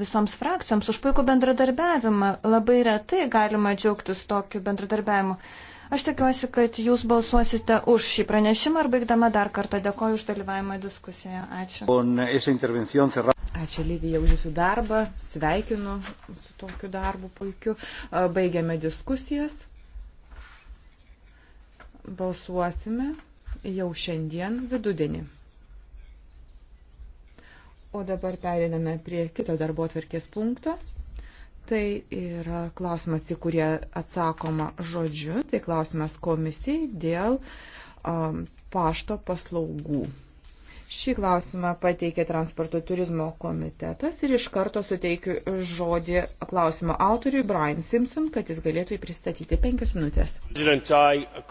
visoms frakcijoms už puikų bendradarbiavimą. Labai retai galima džiaugtis tokiu bendradarbiavimu. Aš tikiuosi, kad jūs balsuosite už šį pranešimą ir baigdama dar kartą dėkoju už dalyvavimą diskusijoje. Ačiū. Ačiū Lyvija už jūsų darbą, sveikinu su tokiu darbu puikiu. Baigiame diskusijas. Balsuosime jau šiandien vidudienį. O dabar periname prie kito darbo atverkės punkto. Tai yra klausimas, į kurį atsakoma žodžiu. Tai klausimas komisijai dėl um, pašto paslaugų. Šį klausimą pateikė transporto turizmo komitetas ir iš karto suteikiu žodį klausimo autoriui Brian Simpson, kad jis galėtų jį pristatyti penkias minutės. Uh,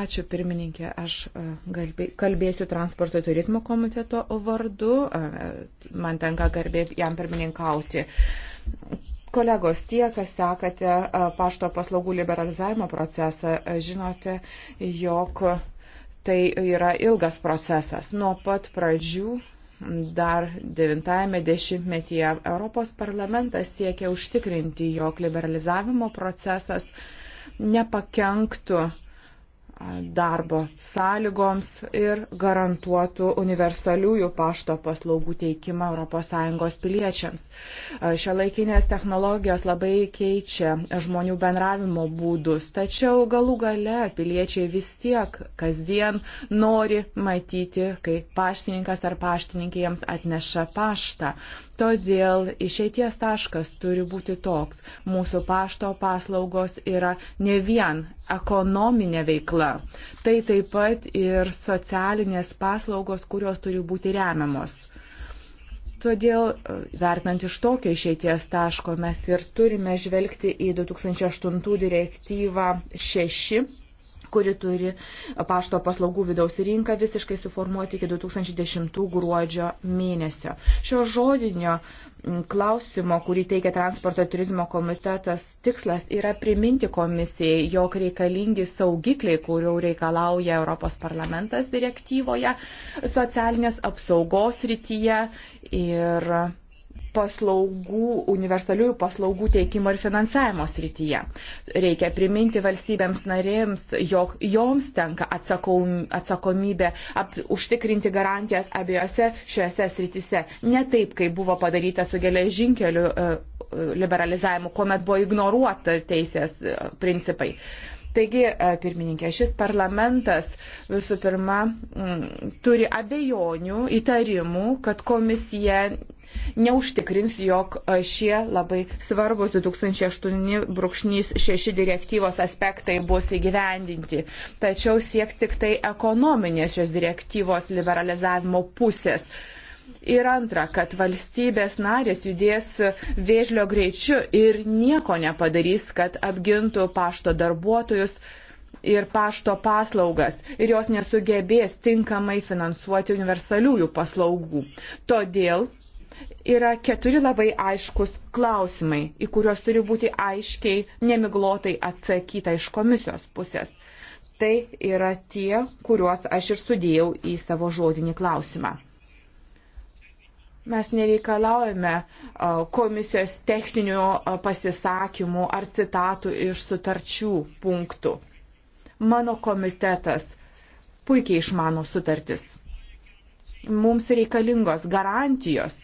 Ačiū pirmininkė, aš uh, kalbėsiu transporto turizmo komiteto vardu, uh, man tenka garbė jam pirmininkauti. Kolegos, tie, kas sekate pašto paslaugų liberalizavimo procesą, žinote, jog Tai yra ilgas procesas. Nuo pat pradžių dar 90-ame dešimtmetyje Europos parlamentas siekia užtikrinti, jog liberalizavimo procesas nepakenktų uh, darbo sąlygoms ir garantuotų universaliųjų pašto paslaugų teikimą ES piliečiams. Šio laikinės technologijos labai keičia žmonių bendravimo būdus, tačiau galų gale piliečiai vis tiek kasdien nori matyti, kai paštininkas ar paštininkė jiems atneša paštą. Todėl išeities taškas turi būti toks. Mūsų pašto paslaugos yra ne vien ekonominė veikla, tai taip pat ir socialinės paslaugos, kurios turi būti remiamos. Todėl, vertinant iš tokio išeities taško, mes ir turime žvelgti į 2008 direktyvą 6 kuri turi pašto paslaugų vidaus rinką visiškai suformuoti iki 2010 gruodžio mėnesio. Šio žodinio klausimo, kurį teikia transporto turizmo komitetas, tikslas yra priminti komisijai, jog reikalingi saugikliai, kurių reikalauja Europos parlamentas direktyvoje socialinės apsaugos rytyje ir paslaugų, universaliųjų paslaugų teikimo ir finansavimo srityje. Reikia priminti valstybėms narėms, jog joms tenka atsakomybė ap, užtikrinti garantijas abiejose šiuose srityse. Ne taip, kaip buvo padaryta su geležinkeliu e, e, liberalizavimu, kuomet buvo ignoruota teisės e, principai. Uh, Taigi, e, pirmininkė, šis parlamentas visų pirma mm, turi abejonių, įtarimų, kad komisija neužtikrins, jog e, šie labai svarbus 2008-6 direktyvos aspektai bus įgyvendinti. Tačiau sieks tik tai ekonominės šios direktyvos liberalizavimo pusės. Ir antra, kad valstybės narės judės vėžlio greičiu ir nieko nepadarys, kad apgintų pašto darbuotojus ir pašto paslaugas ir jos nesugebės tinkamai finansuoti universaliųjų paslaugų. Todėl yra keturi labai aiškus klausimai, į kuriuos turi būti aiškiai, nemiglotai atsakyta iš komisijos pusės. Tai yra tie, kuriuos aš ir sudėjau į savo žodinį klausimą. Mes nereikalaujame komisijos techninių pasisakymų ar citatų iš sutarčių punktų. Mano komitetas puikiai išmano sutartis. Mums reikalingos garantijos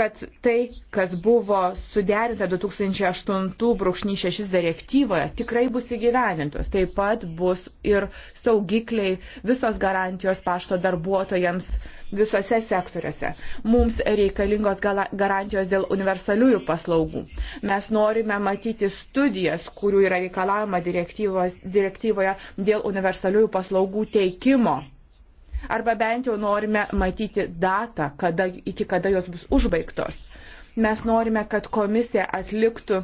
kad tai, kas buvo suderinta 2008-6 direktyvoje, tikrai bus įgyvenintos. Taip pat bus ir saugikliai, visos garantijos pašto darbuotojams visose sektoriuose. Mums reikalingos garantijos dėl universaliųjų paslaugų. Mes norime matyti studijas, kurių yra reikalavima direktyvoje dėl universaliųjų paslaugų teikimo arba bent jau norime matyti datą, kada, iki kada jos bus užbaigtos. Mes norime, kad komisija atliktų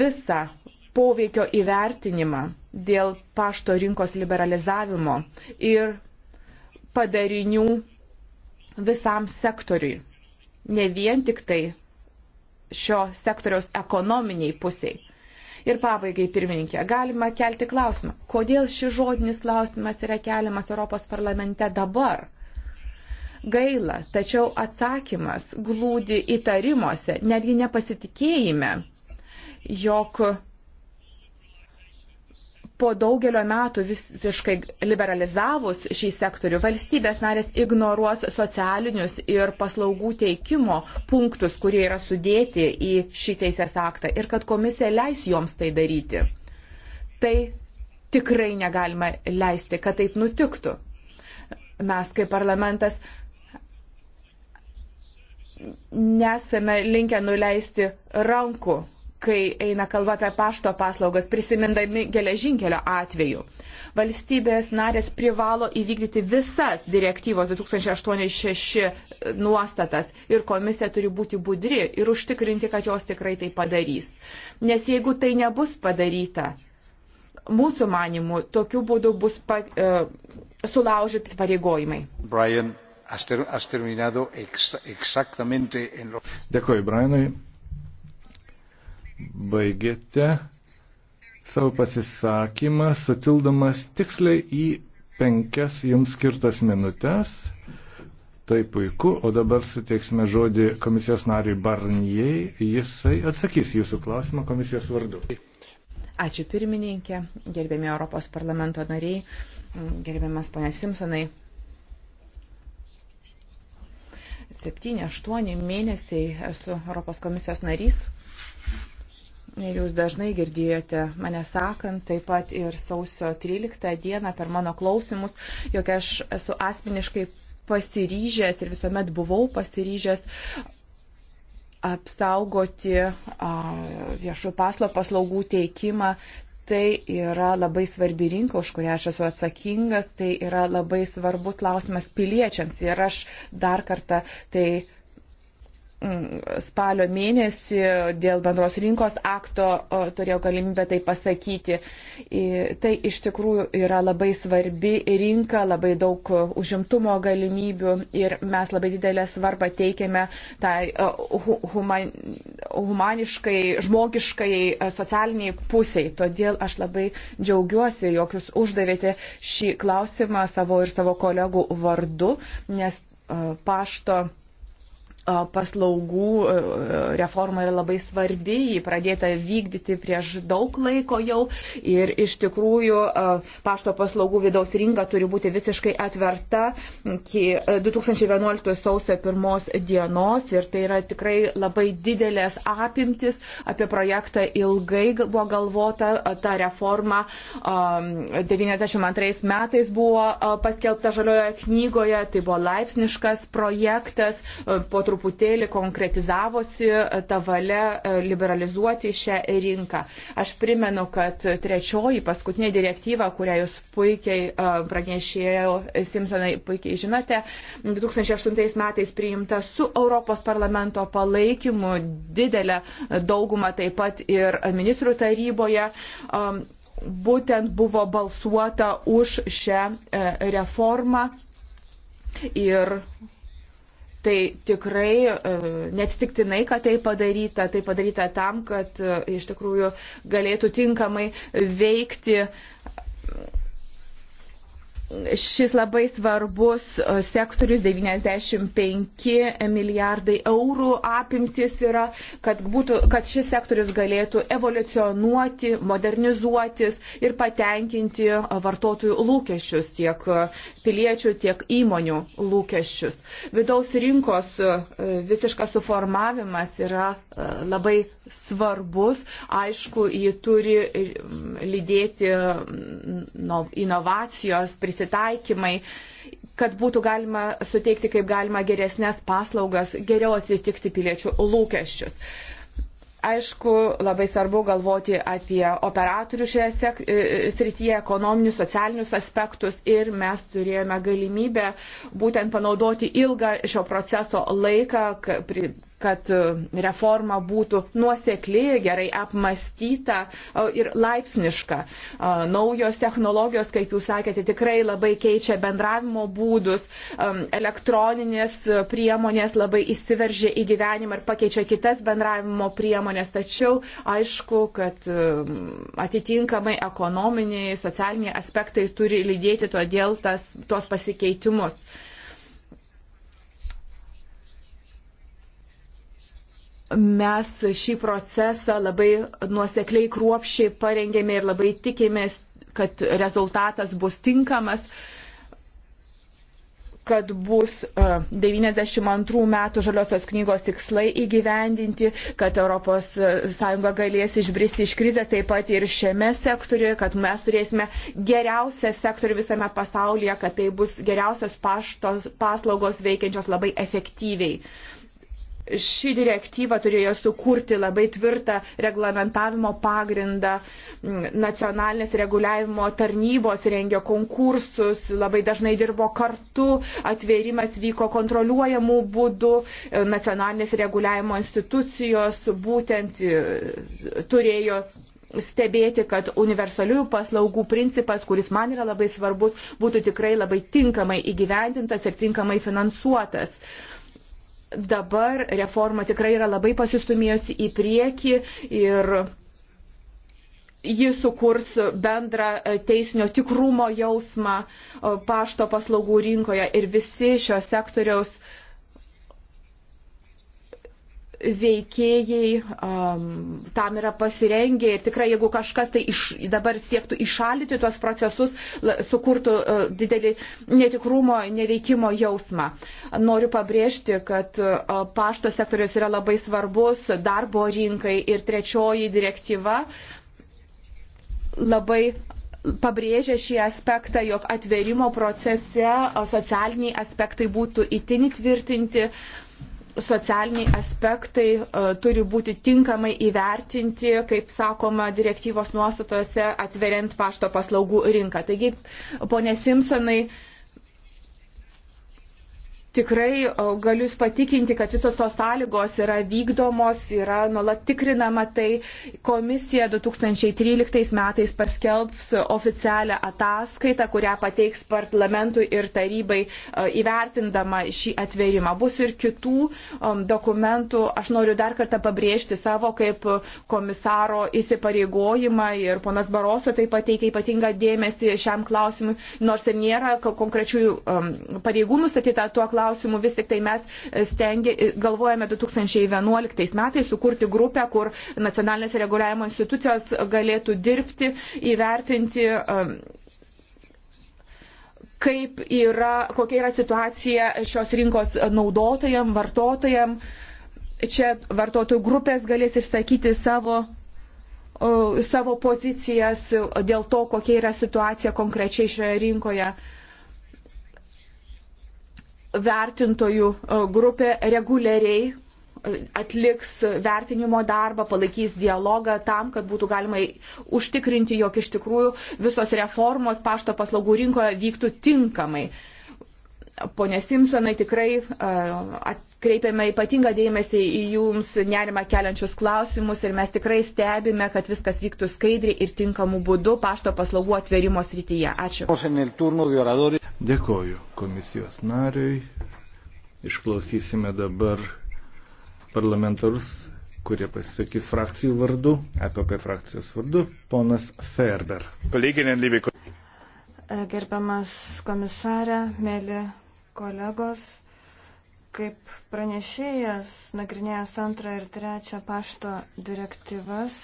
visą poveikio įvertinimą dėl pašto rinkos liberalizavimo ir padarinių visam sektoriui, ne vien tik tai šio sektoriaus ekonominiai pusiai. Ir pabaigai, pirmininkė, galima kelti klausimą, kodėl šis žodinis klausimas yra keliamas Europos parlamente dabar? Gaila, tačiau atsakymas glūdi įtarimuose, netgi nepasitikėjime, jog po daugelio metų visiškai liberalizavus šį sektorių, valstybės narės ignoruos socialinius ir paslaugų teikimo punktus, kurie yra sudėti į šį teisės aktą ir kad komisija leis joms tai daryti. Tai tikrai negalima leisti, kad taip nutiktų. Mes kaip parlamentas nesame linkę nuleisti rankų kai eina kalba apie pašto paslaugas, prisimindami geležinkelio atveju. Valstybės narės privalo įvykdyti visas direktyvos 2086 nuostatas ir komisija turi būti budri ir užtikrinti, kad jos tikrai tai padarys. Nes jeigu tai nebus padaryta, mūsų manimų, tokiu būdu bus pa, e, sulaužyti pareigojimai. Brian, has ter, has ex, lo... Dėkuoju, Brianai baigėte savo pasisakymą, sutildamas tiksliai į penkias jums skirtas minutės. Tai puiku, o dabar suteiksime žodį komisijos nariui Barnijai, jisai atsakys jūsų klausimą komisijos vardu. Ačiū pirmininkė, gerbėmi Europos parlamento nariai, gerbėmas ponės Simpsonai. 7-8 mėnesiai esu Europos komisijos narys Jūs dažnai girdėjote mane sakant, taip pat ir sausio 13 dieną per mano klausimus, jog aš esu asmeniškai pasiryžęs ir visuomet buvau pasiryžęs apsaugoti viešų paslo paslaugų teikimą. Tai yra labai svarbi rinka, už kurią aš esu atsakingas, tai yra labai svarbus klausimas piliečiams ir aš dar kartą tai spalio mėnesį dėl bendros rinkos akto turėjau galimybę tai pasakyti. Tai iš tikrųjų yra labai svarbi rinka, labai daug užimtumo galimybių ir mes labai didelę svarbą teikiame tai human, humaniškai, žmogiškai, e, socialiniai pusiai. Todėl aš labai džiaugiuosi, jog jūs uždavėte šį klausimą savo ir savo kolegų vardu, nes e, pašto paslaugų reforma yra labai svarbi, jį pradėta vykdyti prieš daug laiko jau ir iš tikrųjų pašto paslaugų vidaus rinka turi būti visiškai atverta iki 2011 sausio pirmos dienos ir tai yra tikrai labai didelės apimtis. Apie projektą ilgai buvo galvota, ta reforma 92 metais buvo paskelbta žaliojoje knygoje, tai buvo laipsniškas projektas, po truputį truputėlį konkretizavosi e, ta valia e, liberalizuoti šią rinką. Aš primenu, kad trečioji paskutinė direktyva, kurią jūs puikiai e, pranešėjo Simpsonai, puikiai žinote, 2008 metais priimta su Europos parlamento palaikymu didelę daugumą taip pat ir ministrų taryboje būtent buvo balsuota už šią reformą ir Tai tikrai e, neatsitiktinai, kad tai padaryta. Tai padaryta tam, kad e, iš tikrųjų galėtų tinkamai veikti šis labai svarbus e, sektorius 95 milijardai eurų apimtis yra, kad, būtų, kad šis sektorius galėtų evoliucionuoti, modernizuotis ir patenkinti e, vartotojų lūkesčius, tiek e, piliečių, tiek įmonių lūkesčius. Vidaus rinkos visiškas suformavimas yra labai svarbus. Aišku, jį turi lydėti mm, inovacijos, prisitaikymai, kad būtų galima suteikti kaip galima geresnės paslaugas, geriau atitikti piliečių lūkesčius. Aišku, labai svarbu galvoti apie operatorių šioje e, e, srityje, ekonominius, socialinius aspektus ir mes turėjome galimybę būtent panaudoti ilgą šio proceso laiką, kad e, reforma būtų nuosekli, gerai apmastyta e, ir laipsniška. E, naujos technologijos, kaip jūs sakėte, tikrai labai keičia bendravimo būdus, elektroninės priemonės labai įsiveržia į gyvenimą ir pakeičia kitas bendravimo priemonės, tačiau aišku, kad atitinkamai ekonominiai, socialiniai aspektai turi lydėti todėl tas, tos pasikeitimus. mes šį procesą labai nuosekliai kruopščiai parengėme ir labai tikėmės, kad rezultatas bus tinkamas kad bus 92 e, metų žaliosios knygos tikslai įgyvendinti, kad ES e, galės išbristi iš krizės taip pat ir šiame sektoriuje, kad mes turėsime geriausią sektorių visame pasaulyje, kad tai bus geriausios paštos, paslaugos veikiančios labai efektyviai. Uh, Ši direktyva turėjo sukurti labai tvirtą reglamentavimo pagrindą. Mm, nacionalinės reguliavimo tarnybos rengė konkursus, labai dažnai dirbo kartu, atvėrimas vyko kontroliuojamų būdų, e, nacionalinės reguliavimo institucijos būtent e, turėjo stebėti, kad universaliųjų paslaugų principas, kuris man yra labai svarbus, būtų tikrai labai tinkamai įgyvendintas ir tinkamai finansuotas. Uh, dabar reforma tikrai yra labai pasistumėjusi į priekį ir jis sukurs bendrą teisinio tikrumo jausmą pašto paslaugų rinkoje ir visi šio sektoriaus veikėjai um, tam yra pasirengę ir tikrai jeigu kažkas tai iš, dabar siektų išalyti tuos procesus, sukurtų uh, didelį netikrumo, neveikimo jausmą. Noriu pabrėžti, kad uh, pašto sektorius yra labai svarbus darbo rinkai ir trečioji direktyva labai pabrėžia šį aspektą, jog atverimo procese socialiniai aspektai būtų itin įtvirtinti. Uh, socialiniai aspektai e, turi būti tinkamai įvertinti, kaip sakoma, direktyvos nuostatose atveriant pašto paslaugų rinką. Taigi, ponė Simpsonai, Tikrai galiu Jūs patikinti, kad visos tos sąlygos yra vykdomos, yra nuolat tikrinama, tai komisija 2013 metais paskelbs oficialią ataskaitą, kurią pateiks parlamentui ir tarybai įvertindama šį atverimą. Bus ir kitų dokumentų, aš noriu dar kartą pabrėžti savo kaip komisaro įsipareigojimą ir ponas Baroso taip pateikia ypatingą dėmesį šiam klausimui, nors ir nėra konkrečių pareigų nustatyta tuo klausimu klausimų vis tik tai mes e, stengi, e, galvojame 2011 metais sukurti grupę, kur nacionalinės reguliavimo institucijos galėtų dirbti, įvertinti um, kaip yra, kokia yra situacija šios rinkos naudotojam, vartotojam. Čia vartotojų grupės galės išsakyti savo, savo pozicijas dėl to, kokia yra situacija konkrečiai šioje rinkoje vertintojų e, grupė reguliariai e, atliks vertinimo darbą, palaikys dialogą tam, kad būtų galima užtikrinti, jog iš tikrųjų visos reformos pašto paslaugų rinkoje vyktų tinkamai. Pone Simpsonai tikrai uh, at, kreipiame ypatingą dėmesį į jums nerimą keliančius klausimus ir mes tikrai stebime, kad viskas vyktų skaidriai ir tinkamų būdų pašto paslaugų atverimo srityje. Ačiū. Dėkoju komisijos nariui. Išklausysime dabar parlamentarus, kurie pasisakys frakcijų vardu, EPP frakcijos vardu, ponas Ferber. Gerbiamas komisarė, mėly kolegos kaip pranešėjas, nagrinėjęs antrą ir trečią pašto direktyvas,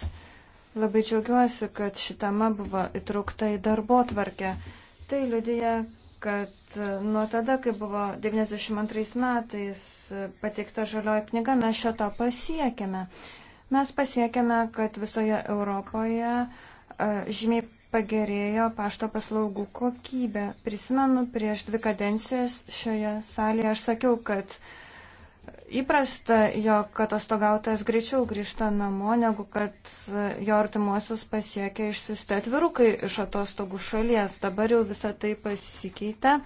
labai džiaugiuosi, kad šitama buvo įtraukta į darbo tvarkę. Tai liudija, kad nuo tada, kai buvo 92 metais pateikta žalioji knyga, mes šito pasiekėme. Mes pasiekėme, kad visoje Europoje uh, žymiai pagerėjo pašto paslaugų kokybė. Prisimenu, prieš dvi kadencijas šioje salėje aš sakiau, kad įprasta, jog atostogautojas greičiau grįžta namo, negu kad jo artimuosius pasiekia išsiusti atvirukai iš atostogų šalies. Dabar jau visa tai pasikeitė.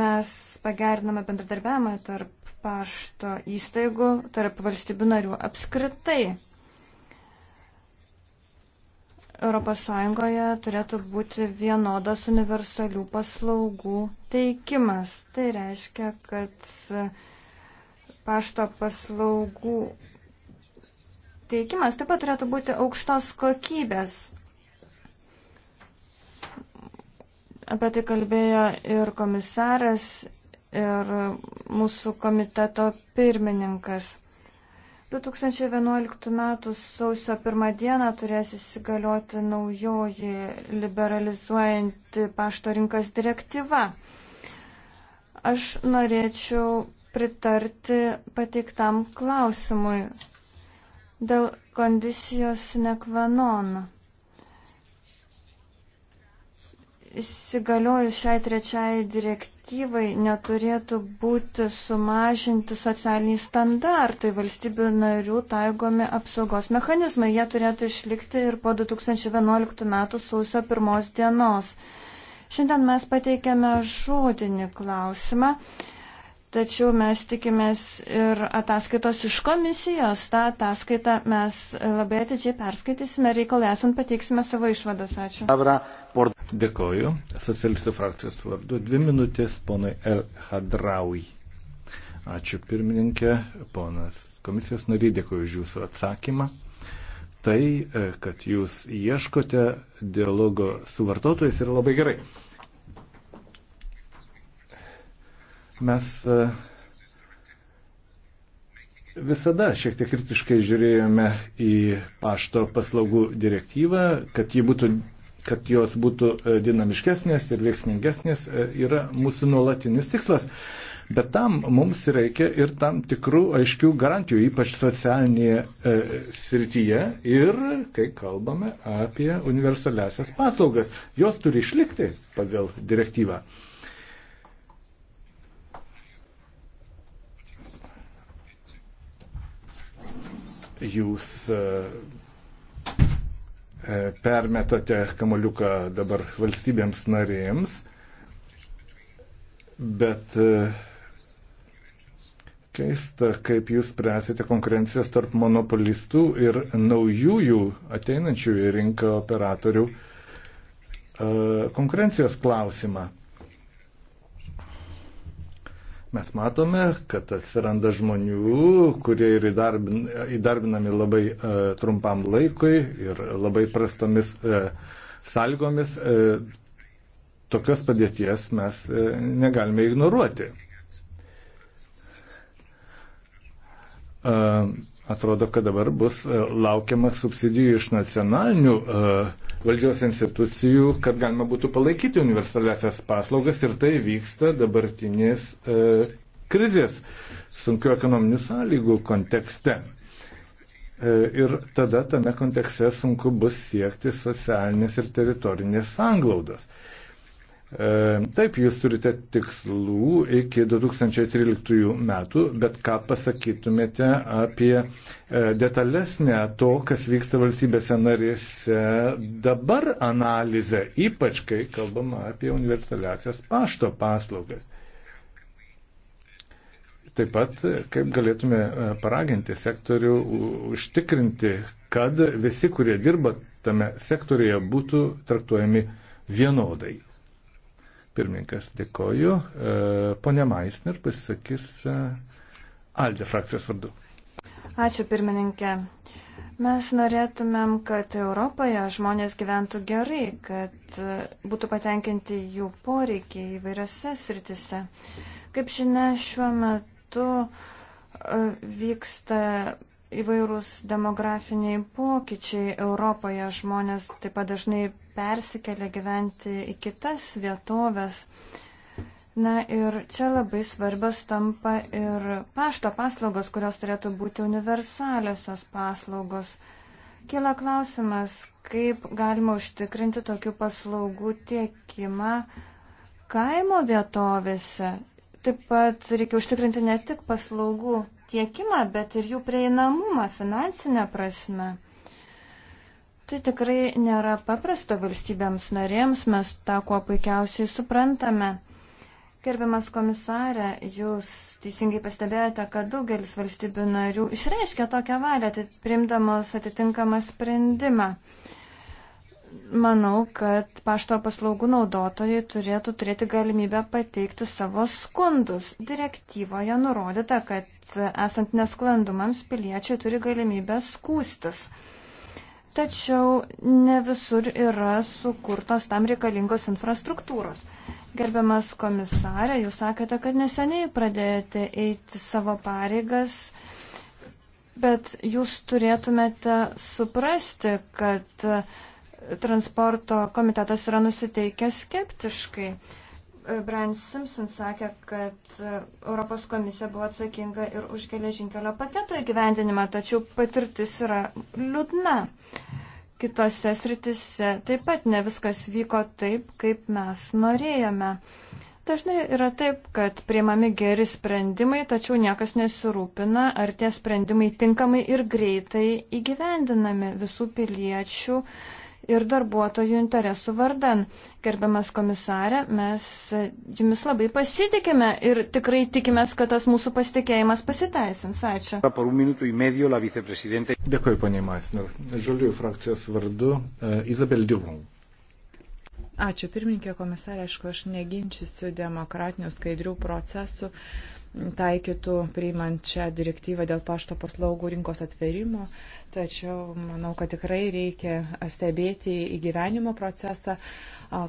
Mes pageriname bendradarbiavimą tarp pašto įstaigų, tarp valstybių narių apskritai. ES turėtų būti vienodas universalių paslaugų teikimas. Tai reiškia, kad pašto paslaugų teikimas taip pat turėtų būti aukštos kokybės. Apie tai kalbėjo ir komisaras, ir mūsų komiteto pirmininkas. 2011 m. sausio 1 d. turės įsigalioti naujoji liberalizuojanti pašto rinkas direktyva. Aš norėčiau pritarti pateiktam klausimui dėl kondicijos nekvanon. įsigaliojus šiai trečiai direktyvai neturėtų būti sumažinti socialiniai standartai valstybių narių taigomi apsaugos mechanizmai. Jie turėtų išlikti ir po 2011 m. sausio pirmos dienos. Šiandien mes pateikėme žodinį klausimą tačiau mes tikimės ir ataskaitos iš komisijos. Ta ataskaita mes labai atidžiai perskaitysime, reikalui esant pateiksime savo išvadas. Ačiū. Dėkoju. Socialistų frakcijos vardu. Dvi minutės ponui El Hadraui. Ačiū pirmininkė, ponas komisijos nariai, dėkoju už jūsų atsakymą. Tai, e, kad jūs ieškote dialogo su vartotojais yra labai gerai. Mes e, visada šiek tiek kritiškai žiūrėjome į pašto paslaugų direktyvą, kad, būtų, kad jos būtų e, dinamiškesnės ir veiksmingesnės, e, yra mūsų nuolatinis tikslas. Bet tam mums reikia ir tam tikrų aiškių garantijų, ypač socialinėje e, srityje ir kai kalbame apie universalesias paslaugas. Jos turi išlikti pagal direktyvą. E, jūs e, e, permetate kamaliuką dabar valstybėms narėms, bet e, keista, kaip jūs spręsite konkurencijas tarp monopolistų ir naujųjų ateinančių į rinką operatorių konkurencijos klausimą. Mes matome, kad atsiranda žmonių, kurie ir įdarbin, įdarbinami labai e, trumpam laikui ir labai prastomis e, sąlygomis. E, tokios padėties mes e, negalime ignoruoti. E, Atrodo, kad dabar bus e, laukiama subsidijų iš nacionalinių e, valdžios institucijų, kad galima būtų palaikyti universalesias paslaugas ir tai vyksta dabartinės e, krizės, sunkių ekonominių sąlygų kontekste. Ir tada tame kontekste sunku bus siekti socialinės ir teritorinės sanglaudos. E, taip, jūs turite tikslų iki 2013 metų, bet ką pasakytumėte apie e, detalesnę to, kas vyksta valstybėse narėse dabar analizę, ypač kai kalbama apie universaliasias pašto paslaugas. Taip pat, kaip galėtume e, paraginti sektorių užtikrinti, kad visi, kurie dirba tame sektorijoje, būtų traktuojami vienodai. Pirmininkas, dėkoju. E, Pone Maisner pasisakys e, Alde frakcijos vardu. Ačiū pirmininkė. Mes norėtumėm, kad Europoje žmonės gyventų gerai, kad e, būtų patenkinti jų poreikiai įvairiose sritise. Kaip žinia, šiuo metu vyksta įvairūs demografiniai pokyčiai Europoje. Žmonės taip pat dažnai persikelia gyventi į kitas vietovės. Na ir čia labai svarbios tampa ir pašto paslaugos, kurios turėtų būti universaliosios paslaugos. Kila klausimas, kaip galima užtikrinti tokių paslaugų tiekimą kaimo vietovėse. Taip pat reikia užtikrinti ne tik paslaugų tiekimą, bet ir jų prieinamumą finansinę prasme. Tai tikrai nėra paprasta valstybėms narėms, mes tą kuo puikiausiai suprantame. Gerbiamas komisarė, jūs teisingai pastebėjote, kad daugelis valstybių narių išreiškia tokią valią, tai primdamos atitinkamą sprendimą. Manau, kad pašto paslaugų naudotojai turėtų turėti galimybę pateikti savo skundus. Direktyvoje nurodyta, kad esant nesklandumams piliečiai turi galimybę skūstis tačiau ne visur yra sukurtos tam reikalingos infrastruktūros. Gerbiamas komisarė, jūs sakėte, kad neseniai pradėjote eiti savo pareigas, bet jūs turėtumėte suprasti, kad transporto komitetas yra nusiteikęs skeptiškai. Uh, Brian Simpson sakė, kad e, Europos komisija buvo atsakinga ir už geležinkelio paketo įgyvendinimą, tačiau patirtis yra liūdna. Kitose sritise taip pat ne viskas vyko taip, kaip mes norėjome. Dažnai yra taip, kad priimami geri sprendimai, tačiau niekas nesirūpina, ar tie sprendimai tinkamai ir greitai įgyvendinami visų piliečių uh, ir darbuotojų interesų vardan. Gerbiamas komisarė, mes jumis labai pasitikime ir tikrai tikimės, kad tas mūsų pasitikėjimas pasiteisins. Ačiū. Dėkuoju, ponė Maisner. Žaliųjų frakcijos vardu e, Izabel Diubung. Ačiū, pirmininkė komisarė, aišku, aš neginčysiu demokratinių skaidrių procesų. Uh, taikytų priimant šią direktyvą dėl pašto paslaugų rinkos atverimo, tačiau manau, kad tikrai reikia stebėti įgyvenimo procesą,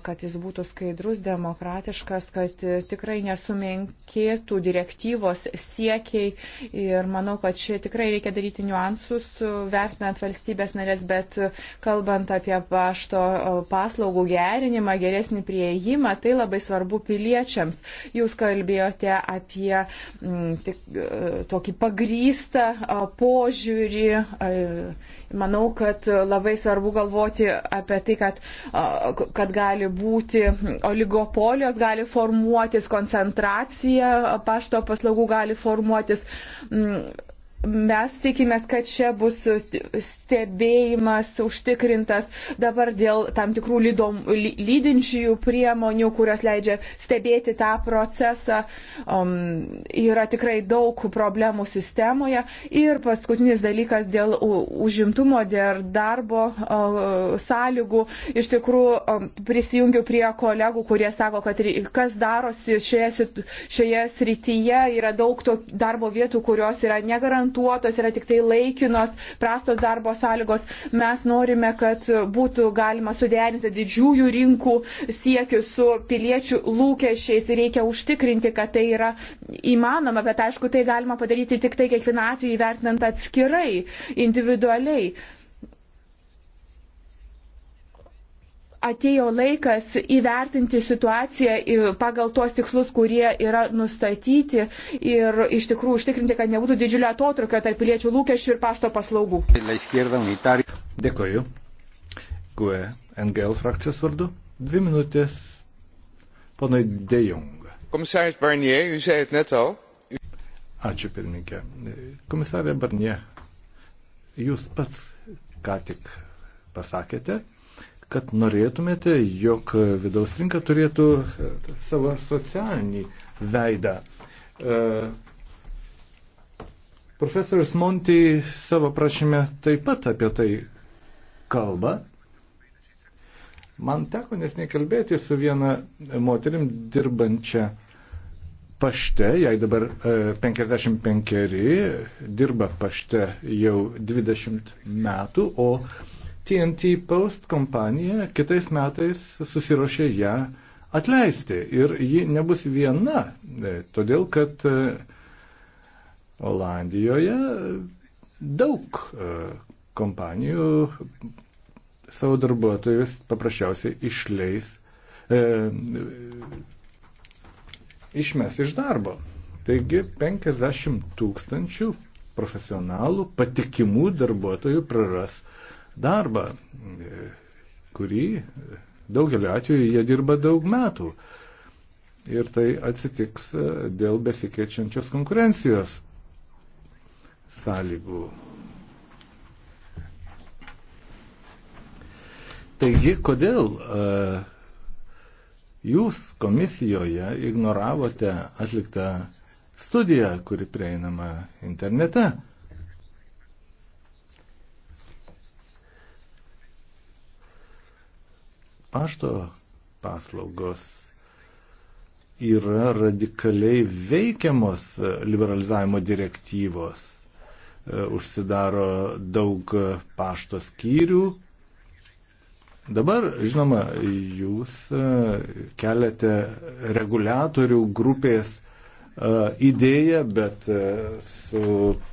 kad jis būtų skaidrus, demokratiškas, kad tikrai nesumenkėtų direktyvos siekiai ir manau, kad čia tikrai reikia daryti niuansus, vertinant valstybės narės, bet kalbant apie pašto paslaugų gerinimą, geresnį prieimą, tai labai svarbu piliečiams. Jūs kalbėjote apie Mm, tik, e, tokį pagrystą e, požiūrį. E, manau, kad labai svarbu galvoti apie tai, kad, kad gali būti oligopolijos, gali formuotis koncentracija, pašto paslaugų gali formuotis. Mm, Mes tikimės, kad čia bus stebėjimas užtikrintas dabar dėl tam tikrų lydom, lydinčiųjų priemonių, kurios leidžia stebėti tą procesą. Um, yra tikrai daug problemų sistemoje. Ir paskutinis dalykas dėl užimtumo, dėl darbo uh, sąlygų. Iš tikrųjų, um, prisijungiu prie kolegų, kurie sako, kad kas darosi šioje, šioje srityje, yra daug to darbo vietų, kurios yra negarantuojamas reglamentuotos, yra tik tai laikinos, prastos darbo sąlygos. Mes norime, kad būtų galima suderinti didžiųjų rinkų siekius su piliečių lūkesčiais ir reikia užtikrinti, kad tai yra įmanoma, bet aišku, tai galima padaryti tik tai kiekvieną atvejį vertinant atskirai, individualiai. atėjo laikas įvertinti situaciją pagal tuos tikslus, kurie yra nustatyti ir iš tikrųjų užtikrinti, kad nebūtų didžiulio atotrukio tarp piliečių lūkesčių ir pašto paslaugų. Dėkoju. GUE NGL frakcijos vardu. Dvi minutės ponai De Jong. Komisaris Barnier, jūs eit net al. Ačiū pirmininkė. Komisarė Barnier, jūs pats ką tik pasakėte, kad norėtumėte, jog vidaus rinka turėtų e, savo socialinį veidą. E, profesorius Monti savo prašymę taip pat apie tai kalba. Man teko nesnei kalbėti su viena moterim dirbančia pašte, jai dabar 55, e, dirba pašte jau 20 metų, o TNT Post kompanija kitais metais susirošė ją atleisti ir ji nebus viena, e, todėl kad e, Olandijoje daug e, kompanijų savo darbuotojus paprasčiausiai išleis, e, išmes iš darbo. Taigi 50 tūkstančių profesionalų patikimų darbuotojų praras darbą, e, kurį daugeliu atveju jie dirba daug metų. Ir tai atsitiks e, dėl besikeičiančios konkurencijos sąlygų. Taigi, kodėl uh, jūs komisijoje ignoravote atliktą studiją, kuri prieinama internete? Uh, pašto paslaugos yra radikaliai veikiamos liberalizavimo direktyvos. E, užsidaro daug pašto skyrių. Dabar, žinoma, jūs e, keliate reguliatorių grupės e, idėją, bet su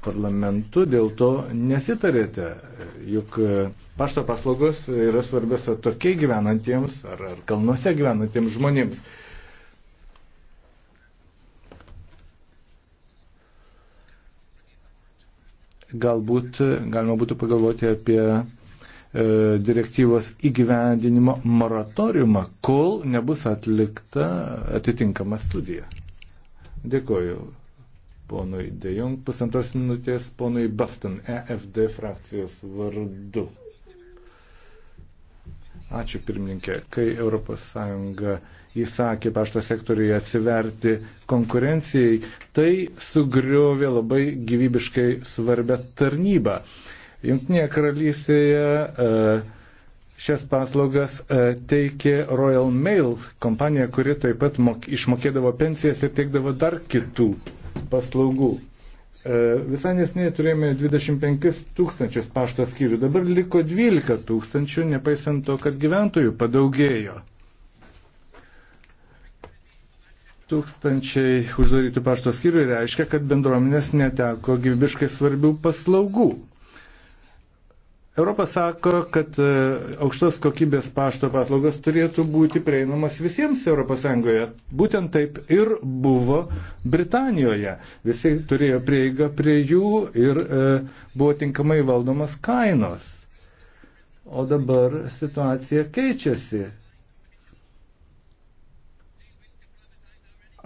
parlamentu dėl to nesitarėte. Juk pašto paslaugos yra svarbios atokiai gyvenantiems ar, ar kalnuose gyvenantiems žmonėms. Galbūt galima būtų pagalvoti apie e, direktyvos įgyvendinimo moratoriumą, kol nebus atlikta atitinkama studija. Dėkoju ponui Dejong, pusantros minutės ponui Bafton, EFD frakcijos vardu. Ačiū pirmininkė. Kai ES įsakė pašto sektoriui atsiverti konkurencijai, tai sugriovė labai gyvybiškai svarbę tarnybą. Junktinėje karalystėje e, šias paslaugas e, teikė Royal Mail kompanija, kuri taip pat išmokėdavo pensijas ir teikdavo dar kitų paslaugų. E, visai nesnei turėjome 25 tūkstančius pašto skyrių, dabar liko 12 tūkstančių, nepaisant to, kad gyventojų padaugėjo. Tūkstančiai uždarytų pašto skyrių reiškia, kad bendruomenės neteko gyvybiškai svarbių paslaugų. Europos sako, kad e, aukštos kokybės pašto paslaugos turėtų būti prieinamas visiems ES. Būtent taip ir buvo Britanijoje. Visi turėjo prieigą prie jų ir e, buvo tinkamai valdomas kainos. O dabar situacija keičiasi.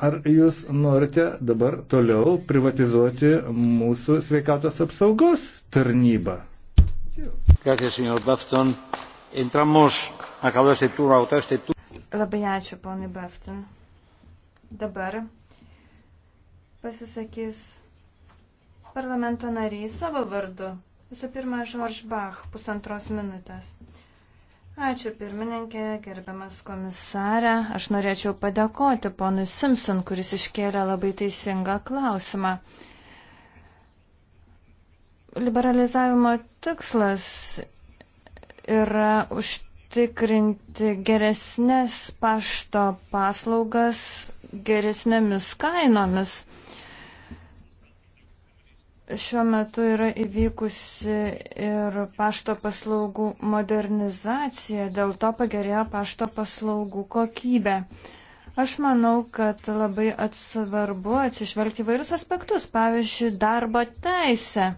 Ar jūs norite dabar toliau privatizuoti mūsų sveikatos apsaugos tarnybą? Labai ačiū, ponai Bafton. Dabar pasisakys parlamento nariai savo vardu. Visų pirma, Žorž Bach, pusantros minutės. Ačiū pirmininkė, gerbiamas komisarė. Aš norėčiau padėkoti ponui Simpson, kuris iškėlė labai teisingą klausimą liberalizavimo tikslas yra užtikrinti geresnės pašto paslaugas geresnėmis kainomis. Šiuo metu yra įvykusi ir pašto paslaugų modernizacija, dėl to pagerėjo pašto paslaugų kokybė. Aš manau, kad labai atsvarbu atsižvelgti vairius aspektus, pavyzdžiui, darbo teisę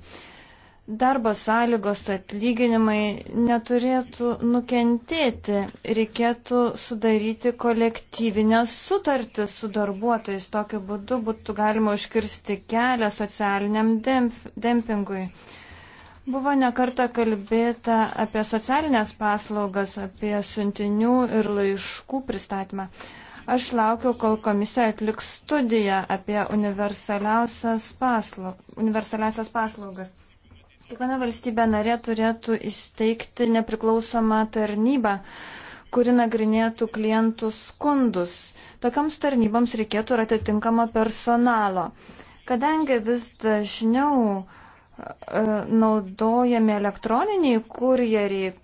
darbo sąlygos, atlyginimai neturėtų nukentėti. Reikėtų sudaryti kolektyvinę sutartį su darbuotojais. Tokiu būdu būtų galima užkirsti kelią socialiniam dempingui. Buvo nekarta kalbėta apie socialinės paslaugas, apie siuntinių ir laiškų pristatymą. Aš laukiu, kol komisija atliks studiją apie universaliasias paslaugas Kiekviena valstybė narė turėtų įsteigti nepriklausomą tarnybą, kuri nagrinėtų klientų skundus. Tokiams tarnyboms reikėtų ir atitinkamo personalo. Kadangi vis dažniau e, naudojami elektroniniai kurjeriai,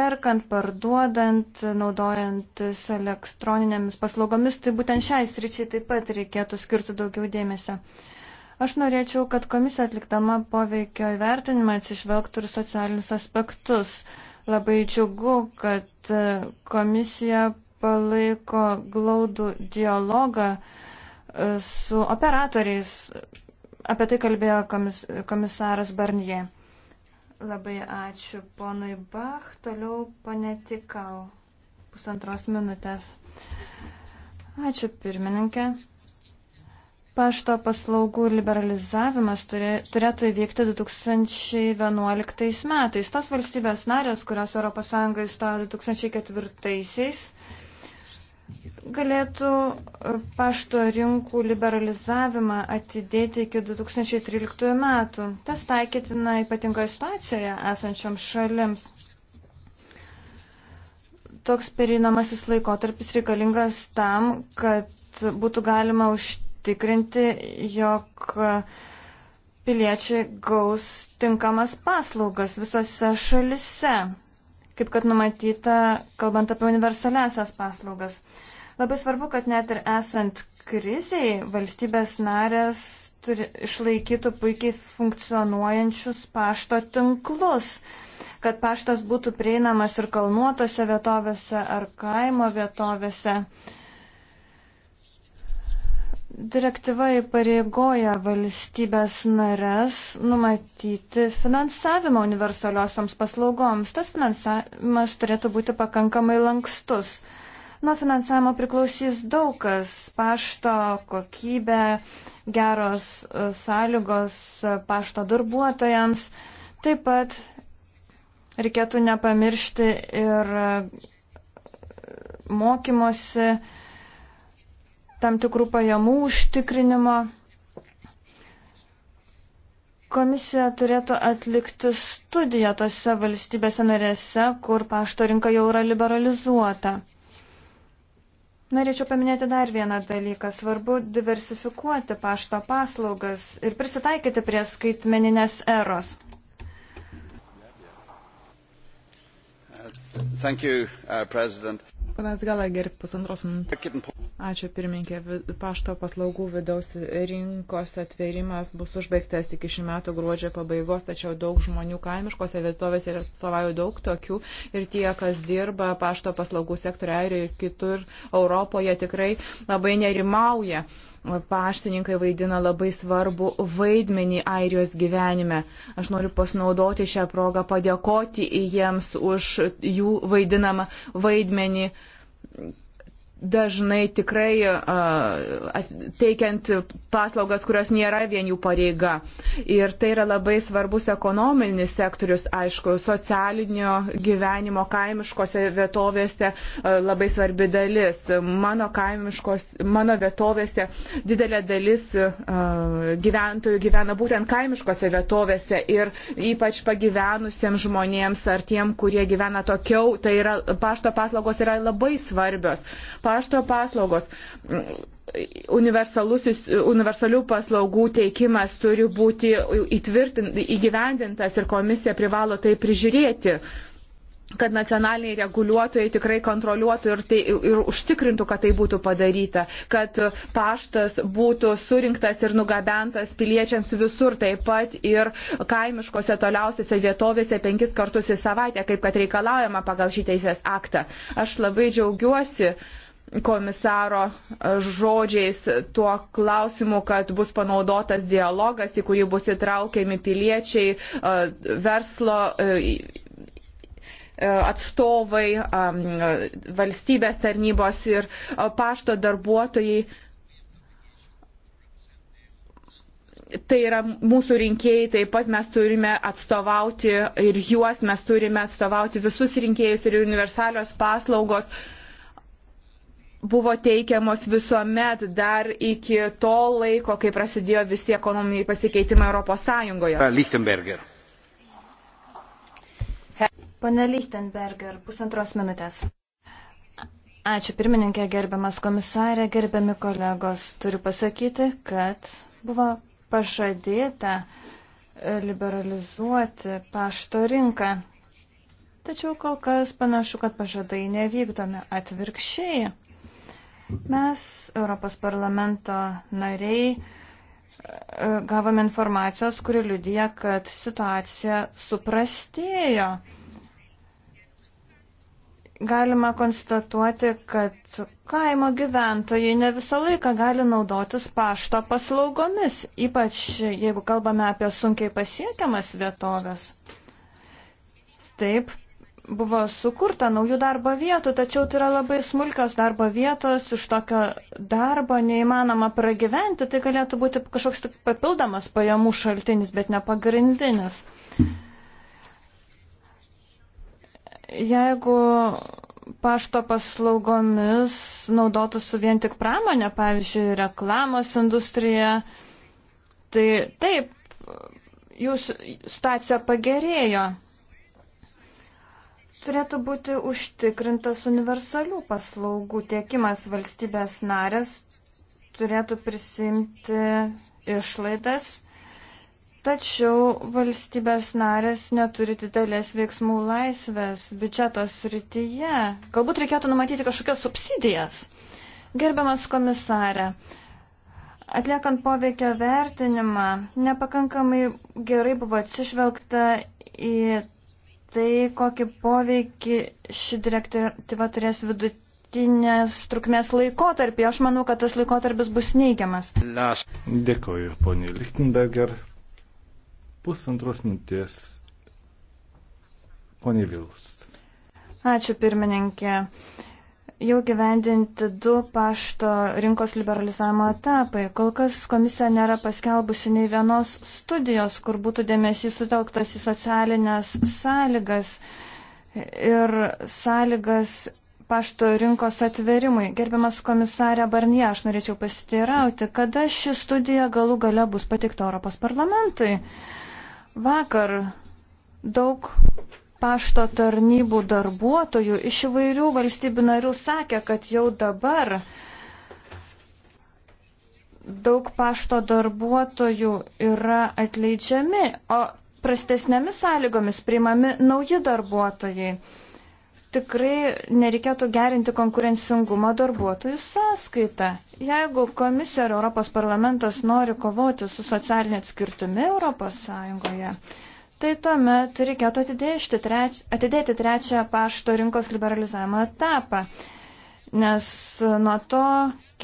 perkant, parduodant, naudojantis elektroninėmis paslaugomis, tai būtent šiais ryčiai taip pat reikėtų skirti daugiau dėmesio. Aš norėčiau, kad komisija atliktama poveikio įvertinimą atsižvelgtų ir socialinius aspektus. Labai džiugu, kad e, komisija palaiko glaudų dialogą e, su operatoriais. Apie tai kalbėjo komis, komisaras Barnie. Labai ačiū ponui Bach. Toliau panetikau pusantros minutės. Ačiū pirmininkė. Pašto paslaugų liberalizavimas turė, turėtų įvykti 2011 metais. Tos valstybės narės, kurios ES įstojo 2004-aisiais, galėtų e, pašto rinkų liberalizavimą atidėti iki 2013 metų. Tas taikytina ypatingoje situacijoje esančioms šalims. Toks perinamasis laikotarpis reikalingas tam, kad būtų galima užtikrinti užtikrinti, jog piliečiai gaus tinkamas paslaugas visose šalise, kaip kad numatyta, kalbant apie universalesias paslaugas. Labai svarbu, kad net ir esant kriziai valstybės narės turi, išlaikytų puikiai funkcionuojančius pašto tinklus, kad paštas būtų prieinamas ir kalnuotose vietovėse ar kaimo vietovėse. Uh, Direktyva įpareigoja valstybės nares numatyti finansavimą universaliosioms paslaugoms. Tas finansavimas turėtų būti pakankamai lankstus. Nuo finansavimo priklausys daug kas - pašto kokybė, geros e, sąlygos e, pašto darbuotojams. Taip pat reikėtų nepamiršti ir e, mokymosi tam tikrų pajamų užtikrinimo. Komisija turėtų atlikti studiją tose valstybėse narėse, kur pašto rinka jau yra liberalizuota. Norėčiau paminėti dar vieną dalyką. Svarbu diversifikuoti pašto paslaugas ir prisitaikyti prie skaitmeninės eros. Thank you, uh, President. Panas Galager, pusantros minutės. Ačiū pirmininkė. Pašto paslaugų vidaus rinkos atverimas bus užbaigtas iki šių metų gruodžio pabaigos, tačiau daug žmonių kaimiškose vietovėse ir atstovauju daug tokių. Ir tie, kas dirba pašto paslaugų sektoriuje ir kitur Europoje, tikrai labai nerimauja paštininkai vaidina labai svarbu vaidmenį Airijos gyvenime. Aš noriu pasinaudoti šią progą padėkoti jiems už jų vaidinamą vaidmenį dažnai tikrai uh, teikiant paslaugas, kurios nėra vien jų pareiga. Ir tai yra labai svarbus ekonominis sektorius, aišku, socialinio gyvenimo kaimiškose vietovėse uh, labai svarbi dalis. Mano, mano vietovėse didelė dalis uh, gyventojų gyvena būtent kaimiškose vietovėse ir ypač pagyvenusiems žmonėms ar tiem, kurie gyvena tokiau, tai yra pašto paslaugos yra labai svarbios pašto paslaugos. Universalių paslaugų teikimas turi būti įgyvendintas ir komisija privalo tai prižiūrėti kad nacionaliniai reguliuotojai tikrai kontroliuotų ir, tai, ir užtikrintų, kad tai būtų padaryta, kad paštas būtų surinktas ir nugabentas piliečiams visur, taip pat ir kaimiškose toliausiose vietovėse penkis kartus į savaitę, kaip kad reikalaujama pagal šį teisės aktą. Aš labai džiaugiuosi. Uh, komisaro žodžiais tuo klausimu, kad bus panaudotas dialogas, į kurį bus įtraukiami piliečiai, verslo atstovai, valstybės tarnybos ir pašto darbuotojai. Tai yra mūsų rinkėjai, taip pat mes turime atstovauti ir juos, mes turime atstovauti visus rinkėjus ir universalios paslaugos buvo teikiamos visuomet dar iki to laiko, kai prasidėjo visi ekonominiai pasikeitimai Europos Sąjungoje. Lichtenberger. Pane Lichtenberger, pusantros minutės. Ačiū pirmininkė, gerbiamas komisarė, gerbiami kolegos. Turiu pasakyti, kad buvo pažadėta e, liberalizuoti pašto rinką. Tačiau kol kas panašu, kad pažadai nevykdomi atvirkščiai. Mes, Europos parlamento nariai, e, gavome informacijos, kuri liudyja, kad situacija suprastėjo. Galima konstatuoti, kad kaimo gyventojai ne visą laiką gali naudotis pašto paslaugomis, ypač jeigu kalbame apie sunkiai pasiekiamas vietovės. Taip, buvo sukurta naujų darbo vietų, tačiau tai yra labai smulkios darbo vietos, iš tokio darbo neįmanoma pragyventi, tai galėtų būti kažkoks tik papildomas pajamų šaltinis, bet ne pagrindinis. Jeigu pašto paslaugomis naudotųsi vien tik pramonė, pavyzdžiui, reklamos industrija, tai taip, jūsų situacija pagerėjo turėtų būti užtikrintas universalių paslaugų tiekimas valstybės narės, turėtų prisimti išlaidas, tačiau valstybės narės neturi didelės veiksmų laisvės biudžeto srityje. Galbūt reikėtų numatyti kažkokias subsidijas. Gerbiamas komisarė, atliekant poveikio vertinimą, nepakankamai gerai buvo atsižvelgta į tai, kokį poveikį ši direktyva turės vidutinės trukmės laikotarpį. Aš manau, kad tas laikotarpis bus neigiamas. Dėkoju, ponė Lichtenberger. Pusantros minties. Ponė Vils. Ačiū, pirmininkė. Uh, jau gyvendinti du pašto rinkos liberalizavimo etapai. Kol kas komisija nėra paskelbusi nei vienos studijos, kur būtų dėmesys sutelktas į socialinės sąlygas ir sąlygas pašto rinkos atverimui. Gerbiamas komisarė Barnie, aš norėčiau pasiteirauti, kada ši studija galų gale bus patikta Europos parlamentui. Vakar daug pašto tarnybų darbuotojų iš įvairių valstybių narių sakė, kad jau dabar daug pašto darbuotojų yra atleidžiami, o prastesnėmis sąlygomis priimami nauji darbuotojai. Tikrai nereikėtų gerinti konkurencingumo darbuotojų sąskaitą. Jeigu komisija ir Europos parlamentas nori kovoti su socialinė atskirtimi Europos Sąjungoje, tai tuomet reikėtų atidėti, treč, atidėti trečią pašto rinkos liberalizavimo etapą, nes nuo to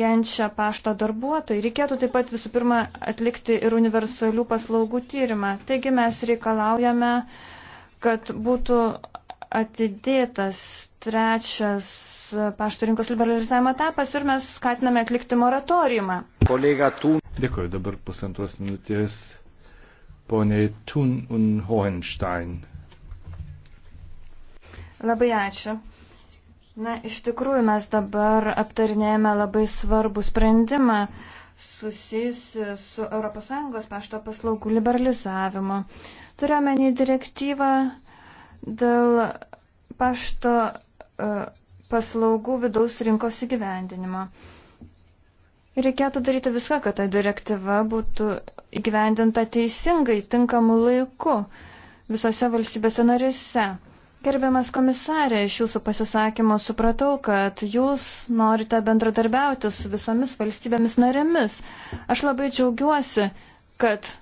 kenčia pašto darbuotojai. Reikėtų taip pat visų pirma atlikti ir universalių paslaugų tyrimą. Taigi mes reikalaujame, kad būtų atidėtas trečias pašto rinkos liberalizavimo etapas ir mes skatiname atlikti moratoriumą. Kolega Tūn. Dėkuoju, dabar pusantros minutės poniai Thun un Hohenstein. Labai ačiū. Na, iš tikrųjų mes dabar aptarinėjame labai svarbų sprendimą susijusi su ES pašto paslaugų liberalizavimu. Turiuomenį direktyvą dėl pašto e, paslaugų vidaus rinkos įgyvendinimo. Uh, Reikėtų daryti viską, kad ta direktyva būtų įgyvendinta teisingai, tinkamu laiku visose valstybėse narėse. Gerbiamas komisarė, iš jūsų pasisakymo supratau, kad jūs norite bendradarbiauti su visomis valstybėmis narėmis. Aš labai džiaugiuosi, kad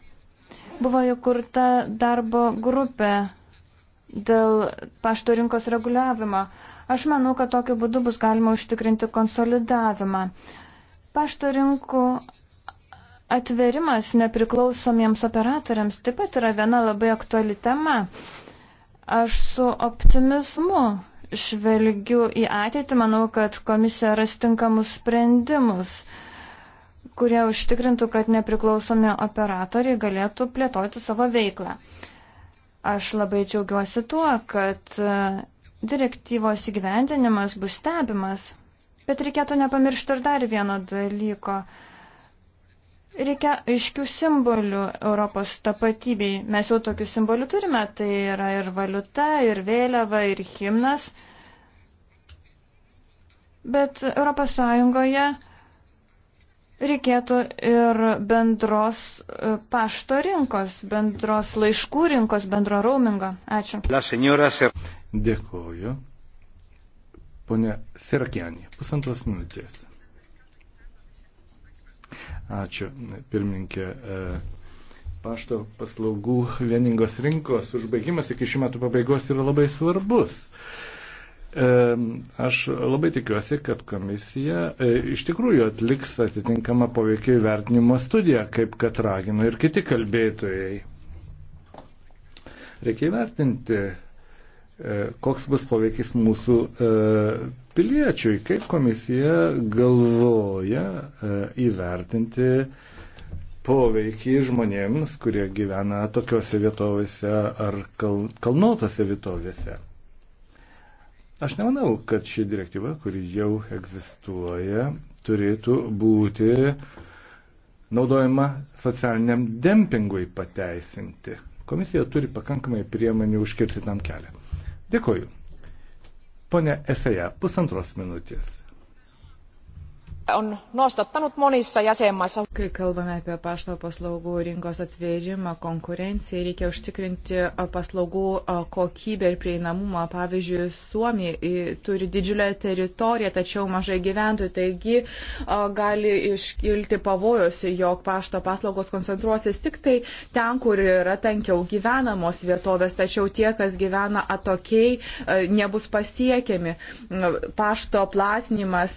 buvo įkurta darbo grupė dėl pašto rinkos reguliavimo. Aš manau, kad tokiu būdu bus galima užtikrinti konsolidavimą. Pašto rinkų atverimas nepriklausomiems operatoriams taip pat yra viena labai aktuali tema. Aš su optimizmu žvelgiu į ateitį, manau, kad komisija ras tinkamus sprendimus, kurie užtikrintų, kad nepriklausomi operatoriai galėtų plėtoti savo veiklą. Aš labai džiaugiuosi tuo, kad direktyvos įgyvendinimas bus stebimas. Bet reikėtų nepamiršti ir dar vieno dalyko. Reikia aiškių simbolių Europos tapatybei. Mes jau tokių simbolių turime. Tai yra ir valiuta, ir vėliava, ir himnas. Bet Europos Sąjungoje reikėtų ir bendros e, pašto rinkos, bendros laiškų rinkos, bendro raumingo. Ačiū. Dėkuoju. Pone Serakianė, pusantros minutės. Ačiū, pirmininkė. E, pašto paslaugų vieningos rinkos užbaigimas iki šių metų pabaigos yra labai svarbus. E, aš labai tikiuosi, kad komisija e, iš tikrųjų atliks atitinkamą poveikio įvertinimo studiją, kaip kad ragino ir kiti kalbėtojai. Reikia įvertinti E, koks bus poveikis mūsų e, piliečiui, kaip komisija galvoja e, įvertinti poveikį žmonėms, kurie gyvena tokiuose vietovėse ar kal, kalnuotose vietovėse. Aš nemanau, kad ši direktyva, kuri jau egzistuoja, turėtų būti naudojama socialiniam dempingui pateisinti. Komisija turi pakankamai priemonių užkirsti tam kelią. Dėkoju. Pone Eseja, pusantros minutės on nostattanut monissa jäsenmaissa. Kai kalbame apie pašto paslaugų rinkos atvėrimą konkurencijai, reikia užtikrinti paslaugų kokybę ir prieinamumą. Pavyzdžiui, Suomija turi didžiulę teritoriją, tačiau mažai gyventojų, taigi gali iškilti pavojus, jog pašto paslaugos koncentruosis tik tai ten, kur yra tankiau gyvenamos vietovės, tačiau tie, kas gyvena atokiai, nebus pasiekiami. Pašto platinimas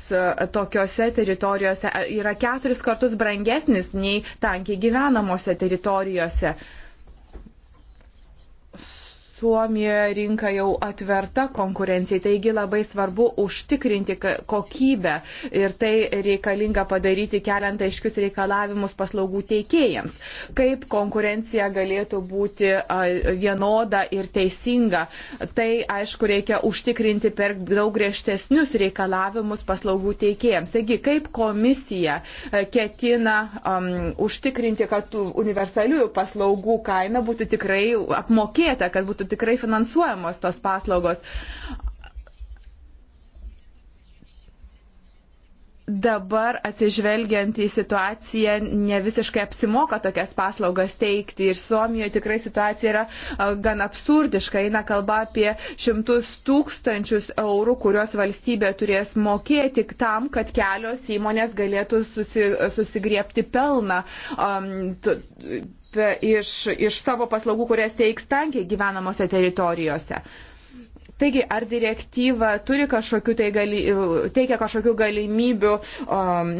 tokiuose teritorijose teritorijose yra keturis kartus brangesnis nei tankiai gyvenamose teritorijose. Uh, Suomijoje rinka jau atverta konkurencijai, taigi labai svarbu užtikrinti kokybę ir tai reikalinga padaryti keliant aiškius reikalavimus paslaugų teikėjams. Kaip konkurencija galėtų būti vienoda ir teisinga, tai aišku reikia užtikrinti per daug griežtesnius reikalavimus paslaugų teikėjams. Taigi, kaip komisija ketina um, užtikrinti, kad universaliųjų paslaugų kaina būtų tikrai apmokėta, kad būtų tikrai finansuojamos tos paslaugos. dabar atsižvelgiant į situaciją ne visiškai apsimoka tokias paslaugas teikti ir Suomijoje tikrai situacija yra gan absurdiška, eina kalba apie šimtus tūkstančius eurų, kuriuos valstybė turės mokėti tam, kad kelios įmonės galėtų susi, susigriepti pelną. Um, t, iš, iš savo paslaugų, kurias teiks tankiai gyvenamose teritorijose. Taigi, ar direktyva turi kažkokių tai gali, teikia kažkokių galimybių o,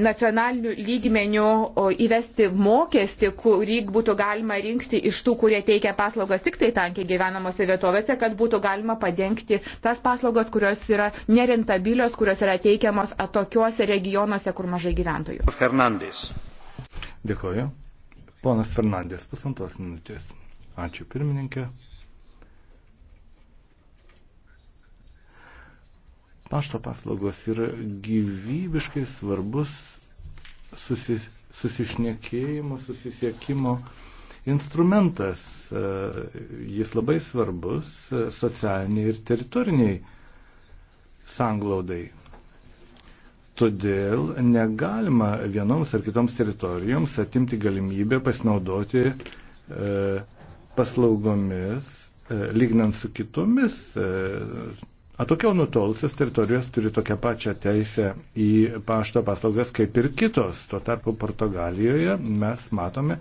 nacionalinių lygmenių o, įvesti mokestį, kurį būtų galima rinkti iš tų, kurie teikia paslaugas tik tai tankiai gyvenamose vietovėse, kad būtų galima padengti tas paslaugas, kurios yra nerentabilios, kurios yra teikiamos atokiuose regionuose, kur mažai gyventojų. Fernandės. Dėkuoju. Ponas Fernandės, pusantos minutės. Ačiū pirmininkė. Pašto paslaugos yra gyvybiškai svarbus susi, susišnekėjimo, susisiekimo instrumentas. E, jis labai svarbus e, socialiniai ir teritoriniai sanglaudai. Todėl negalima vienoms ar kitoms teritorijoms atimti galimybę pasinaudoti e, paslaugomis, e, lygnant su kitomis. E, Atokiau nutolusias teritorijos turi tokią pačią teisę į pašto paslaugas kaip ir kitos. Tuo tarpu Portugalijoje mes matome,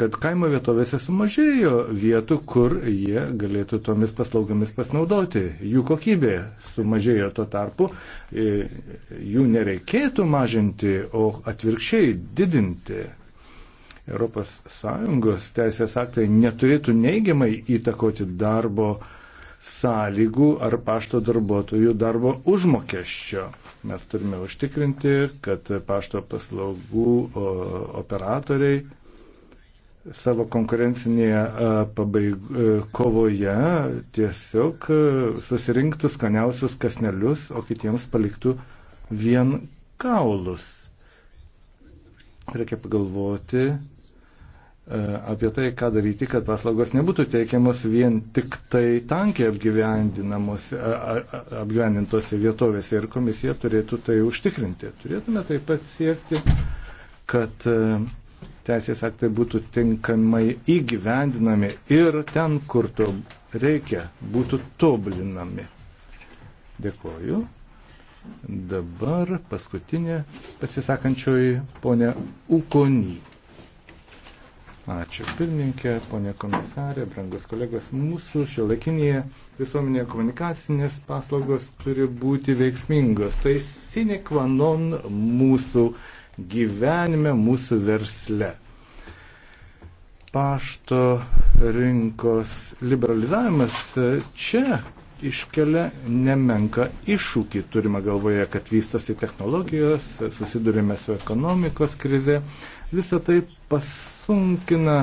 kad kaimo vietovėse sumažėjo vietų, kur jie galėtų tomis paslaugomis pasinaudoti. Jų kokybė sumažėjo tuo tarpu, e, jų nereikėtų mažinti, o atvirkščiai didinti. ES teisės aktai neturėtų neigiamai įtakoti darbo sąlygų ar pašto darbuotojų darbo užmokesčio. Mes turime užtikrinti, kad pašto paslaugų operatoriai savo konkurencinėje pabaig... kovoje tiesiog susirinktų skaniausius kasnelius, o kitiems paliktų vien kaulus. Reikia pagalvoti apie tai, ką daryti, kad paslaugos nebūtų teikiamos vien tik tai tankiai apgyvendintose vietovėse ir komisija turėtų tai užtikrinti. Turėtume taip pat siekti, kad teisės aktai būtų tinkamai įgyvendinami ir ten, kur to reikia, būtų tobulinami. Dėkuoju. Dabar paskutinė pasisakančioji ponia Ukony. Ačiū pirmininkė, ponia komisarė, brangus kolegos. Mūsų šiuolaikinėje visuomenėje komunikacinės paslaugos turi būti veiksmingos. Tai sinikvanon mūsų uh, gyvenime, mūsų versle. Pašto rinkos liberalizavimas čia iškelia nemenka iššūkį. Turime galvoje, kad vystosi technologijos, susidurime su ekonomikos krize. Visą tai pasunkina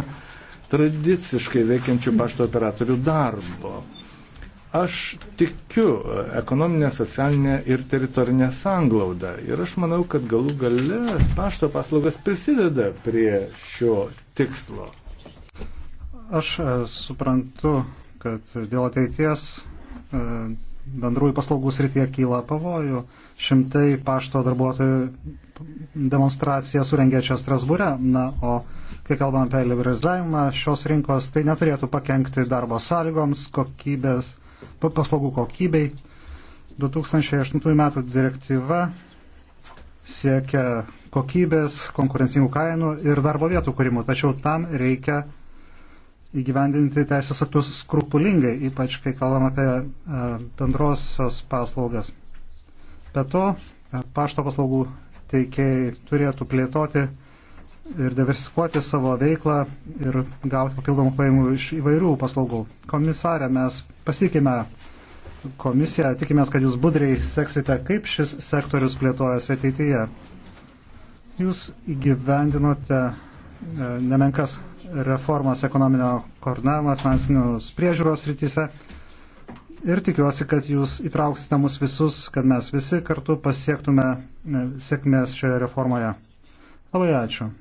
tradiciškai veikiančių pašto operatorių darbo. Aš tikiu ekonominę, socialinę ir teritorinę sanglaudą ir aš manau, kad galų gale pašto paslaugas prisideda prie šio tikslo. Aš e, suprantu, kad dėl ateities e, bendrųjų paslaugų srityje kyla pavojų. Šimtai pašto darbuotojų demonstraciją surengė čia Strasbūre, na, o kai kalbam apie liberalizavimą šios rinkos, tai neturėtų pakengti darbo sąlygoms, kokybės paslaugų kokybei. 2008 metų direktyva siekia kokybės, konkurencingų kainų ir darbo vietų kūrimų, tačiau tam reikia įgyvendinti teisės aktus skrupulingai, ypač kai kalbam apie e, bendrosios paslaugas. Be to, e, pašto paslaugų teikėjai turėtų plėtoti ir diversifikuoti savo veiklą ir gauti papildomų pajamų iš įvairių paslaugų. Komisarė, mes pasitikime komisiją, tikimės, kad jūs budriai seksite, kaip šis sektorius plėtojasi ateityje. Jūs įgyvendinote e, nemenkas reformas ekonominio koordinavimo, finansinius priežiūros rytise ir tikiuosi, kad jūs įtrauksite mus visus, kad mes visi kartu pasiektume e, sėkmės šioje reformoje. Labai ačiū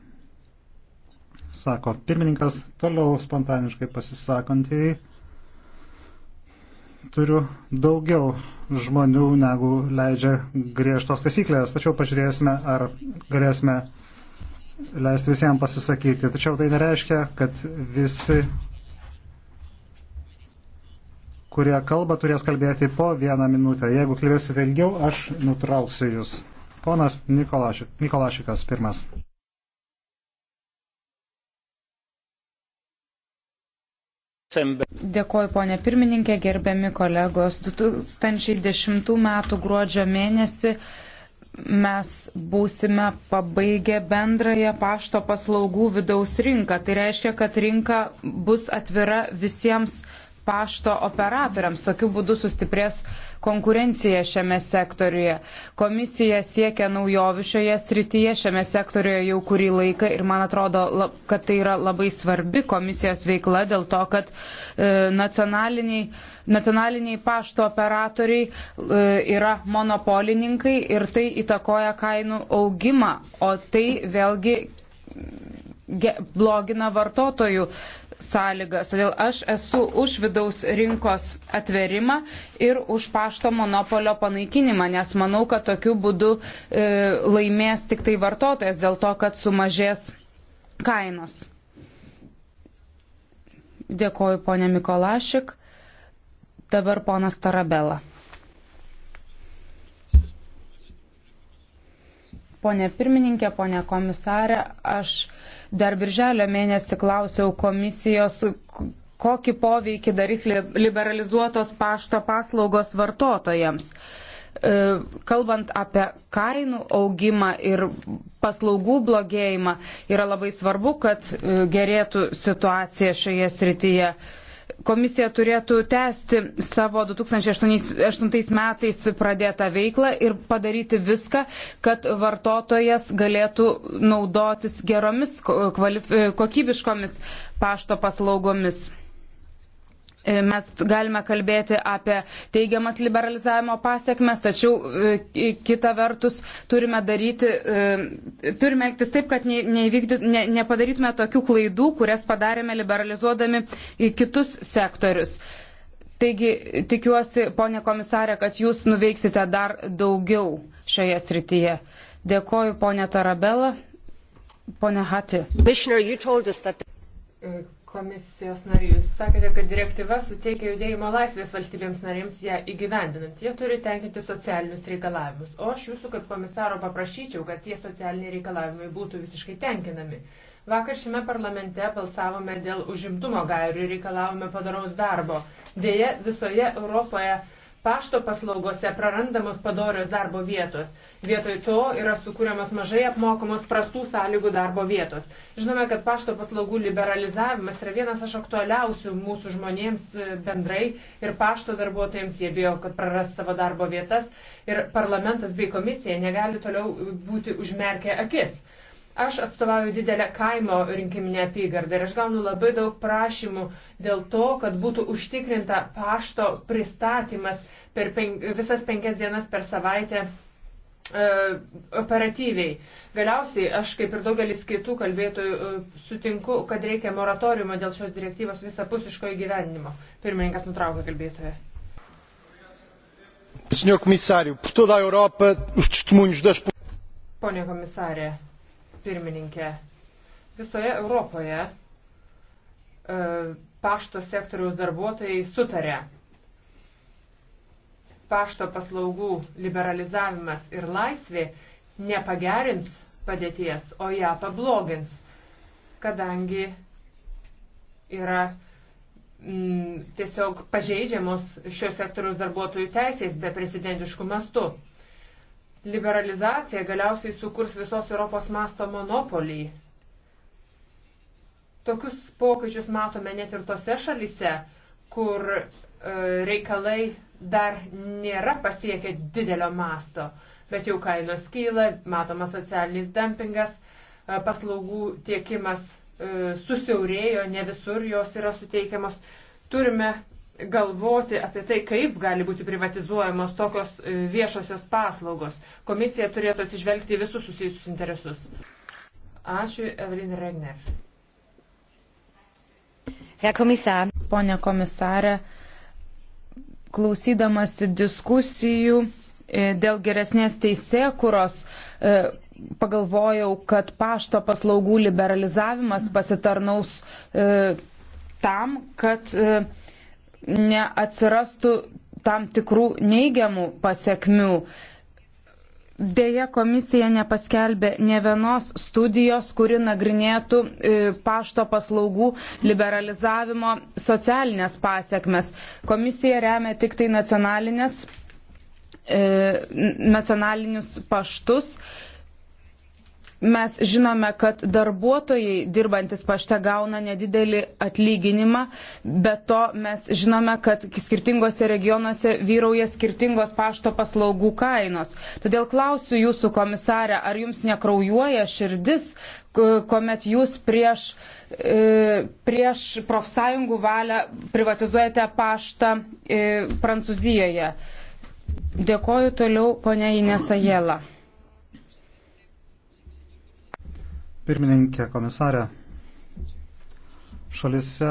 sako pirmininkas, toliau spontaniškai pasisakantieji. Turiu daugiau žmonių, negu leidžia griežtos taisyklės, tačiau pažiūrėsime, ar galėsime leisti visiems pasisakyti. Tačiau tai nereiškia, kad visi, kurie kalba, turės kalbėti po vieną minutę. Jeigu kalbėsite ilgiau, aš nutrauksiu jūs. Ponas Nikolašik, Nikolašikas pirmas. Dėkuoju, ponė pirmininkė, gerbiami kolegos. 2010 m. gruodžio mėnesį mes būsime pabaigę bendrąją pašto paslaugų vidaus rinką. Tai reiškia, kad rinka bus atvira visiems pašto operatoriams. Tokiu būdu sustiprės konkurenciją šiame sektoriuje. Komisija siekia naujovių šioje srityje, šiame sektoriuje jau kurį laiką ir man atrodo, kad tai yra labai svarbi komisijos veikla dėl to, kad e, nacionaliniai, nacionaliniai pašto operatoriai e, yra monopolininkai ir tai įtakoja kainų augimą, o tai vėlgi blogina vartotojų sąlygas. Todėl aš esu už vidaus rinkos atverimą ir už pašto monopolio panaikinimą, nes manau, kad tokiu būdu e, laimės tik tai vartotojas dėl to, kad sumažės kainos. Dėkoju, ponė Mikolašik. Dabar ponas Tarabela. Pone pirmininkė, pone komisarė, aš Dar birželio mėnesį klausiau komisijos, kokį poveikį darys liberalizuotos pašto paslaugos vartotojams. E, kalbant apie kainų augimą ir paslaugų blogėjimą, yra labai svarbu, kad e, gerėtų situacija šioje srityje komisija turėtų tęsti savo 2008 metais pradėtą veiklą ir padaryti viską, kad vartotojas galėtų naudotis geromis kokybiškomis pašto paslaugomis. E, mes galime kalbėti apie teigiamas liberalizavimo pasiekmes, tačiau e, kita vertus turime, daryti, e, turime elgtis taip, kad neįvykdy, ne, nepadarytume tokių klaidų, kurias padarėme liberalizuodami kitus sektorius. Taigi tikiuosi, ponė komisarė, kad jūs nuveiksite dar daugiau šioje srityje. Dėkoju, ponė Tarabela. Pone Hati. Komisijos nariai, jūs sakėte, kad direktyva suteikia judėjimo laisvės valstybėms narėms ją įgyvendinant. Jie turi tenkinti socialinius reikalavimus. O aš jūsų kaip komisaro paprašyčiau, kad tie socialiniai reikalavimai būtų visiškai tenkinami. Vakar šiame parlamente balsavome dėl užimtumo gairių ir reikalavome padaraus darbo. Deja, visoje Europoje pašto paslaugose prarandamos padorios darbo vietos. Vietoj to yra sukūriamas mažai apmokamos prastų sąlygų darbo vietos. Žinome, kad pašto paslaugų liberalizavimas yra vienas iš aktualiausių mūsų žmonėms e, bendrai ir pašto darbuotojams jie bijo, kad praras savo darbo vietas ir parlamentas bei komisija negali toliau būti užmerkę akis. Aš atstovauju didelę kaimo rinkiminę apygardą ir aš gaunu labai daug prašymų dėl to, kad būtų užtikrinta pašto pristatymas per penk, visas penkias dienas per savaitę e, operatyviai. Galiausiai aš, kaip ir daugelis kitų kalbėtojų, e, sutinku, kad reikia moratoriumo dėl šios direktyvos visapusiško įgyvendinimo. Pirmininkas nutraukė kalbėtoją. Pone komisarė, pirmininkė. Visoje Europoje e, pašto sektoriaus darbuotojai sutarė. Pašto paslaugų liberalizavimas ir laisvė nepagerins padėties, o ją pablogins, kadangi yra m, mm, tiesiog pažeidžiamos šio sektoriaus darbuotojų teisės be prezidentiškų mastų liberalizacija galiausiai sukurs visos Europos masto monopolį. Tokius pokyčius matome net ir tose šalise, kur e, reikalai dar nėra pasiekę didelio masto, bet jau kainos kyla, matomas socialinis dumpingas, e, paslaugų tiekimas e, susiaurėjo, ne visur jos yra suteikiamos. Turime galvoti apie tai, kaip gali būti privatizuojamos tokios e, viešosios paslaugos. Komisija turėtų atsižvelgti visus susijusius interesus. Ačiū, Evelin Regner. Herr Kommissar. Pone komisarė, klausydamasi diskusijų e, dėl geresnės teisėkuros, e, pagalvojau, kad pašto paslaugų liberalizavimas pasitarnaus tam, kad neatsirastų tam tikrų neigiamų pasiekmių. Deja, komisija nepaskelbė ne vienos studijos, kuri nagrinėtų e, pašto paslaugų liberalizavimo socialinės pasiekmes. Komisija remia tik tai nacionalinės, e, nacionalinius paštus, mes žinome, kad darbuotojai dirbantis pašte gauna nedidelį atlyginimą, bet to mes žinome, kad skirtingose regionuose vyrauja skirtingos pašto paslaugų kainos. Todėl klausiu jūsų komisarę, ar jums nekraujuoja širdis, kuomet jūs prieš, e, prieš profsąjungų valią privatizuojate paštą e, Prancūzijoje. Dėkoju toliau ponia Inesa Jela. Pirmininkė komisarė, šalise,